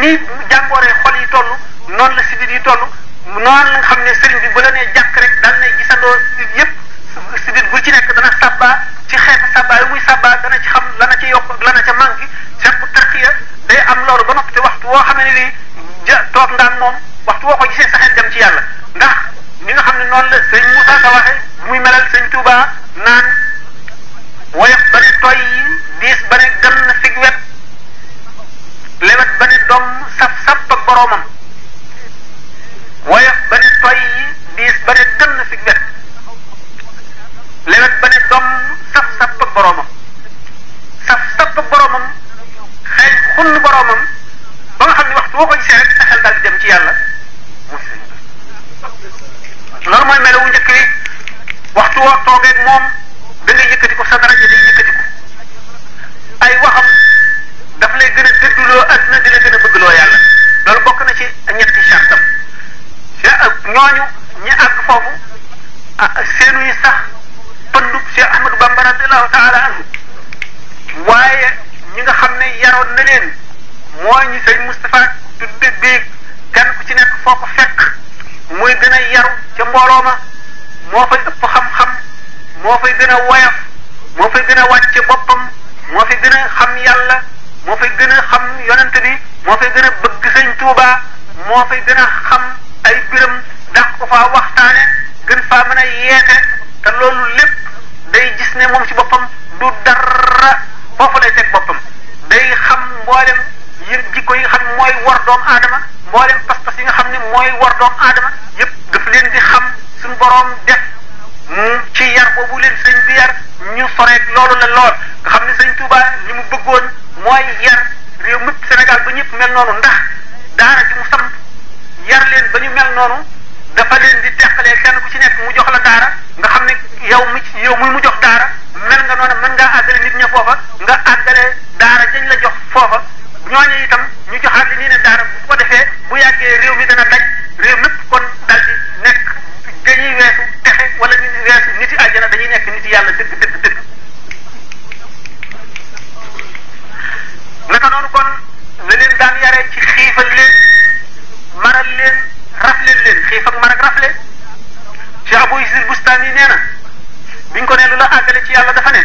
nii jàngooree xol yi toll noonu la sidit yi toll noonu la nga xam ne sëriñ bi ba la nee jàkk rek daan na gisandoo sidit yépp sidit bu ci nekk dana sabbaa ci xeetu sabbaa yi muy sabbaa dana ci xam lana ci yokk lana ca manqué seet bu tarqiya day am loolu ba noppi te waxtu woo xam ne nii ja toog ndaam moom waxtu woo ko gisee sa xel dem ci yàlla ndax ni nga xam ne noonu la sëñ mu Ka waxe muy melal sëñ Touba naan woyof bari toy yi diis bari gën fig wet lewet bari doom saf sàpp ak boroomam woyof bari toy yi diis bari saf saf sàpp ak boroomam xëy xunn boroomam nga xam ne waxtu woo ko gisee rek sa dem ci yàlla loolu mooy melawu njëkk wi waxtu woo toogeeg moom da ngay ko sa daraja day yëkkati ko ay waxam daf lay gën a dëdduloo adduna di la gën a bëggloo yàlla loolu bokk na ci ñetti sartam ñooñu ñi àgg foofu ah, seenu yi sax pëndub Cheikh Ahmadou Bamba radiallahu taala anhu waaye ñi nga xam ne yaroon na leen mooy ñi sëñ Moustapha tudde béeg kenn ku ci nekk foo fekk muy gën a yaru ca mbooloo ma moo fay ëpp xam-xam moo fay gën a woyof moo fay gën a wàcce boppam moo fay gën a xam yàlla moo fay gën a xam yonent bi moo fay gën a bëgg sëñ Tuuba moo fay gën a xam ay biram dax ko waxtaane gën faa mën a yeete te loolu lépp day gis ne moom ci boppam du dara foofu lay teg boppam day xam mboolem yëpp jikko yi nga xam ne mooy war doom aadama mboolem pas-pas yi nga xam ne mooy war doom aadama yëpp daf leen di xam suñu boroom def ci yar boobu leen sëñ bi yar ñu soreet loolu la lool nga xam ne sëñ Touba li mu bëggoon mooy yar réew mépp Sénégal ba ñëpp mel noonu ndax daara ji mu samp yar leen ba ñu mel noonu dafa leen di teqalee kenn ku ci nekk mu jox la daara nga xam ne yow mi yow muy mu jox daara mel nga noonu mën ngaa àggale nit ña foofa nga àggale daara jañ la jox foofa ñooñu itam ñu joxaat li nii ne daara bu ko defee bu yàggee réew mi dana daj réew mépp kon dal di nekk dañuy weesu texe wala ñu weesu nit yi àjjana dañuy nekk nit yàlla dëgg dëgg dëgg naka noonu kon na leen daan yaree ci xiifal leen maral leen rafleel leen xiif ak mar ak rafle Cheikh Abou Isil Bustani nee na biñ ko ne lu la àggale ci yàlla dafa ne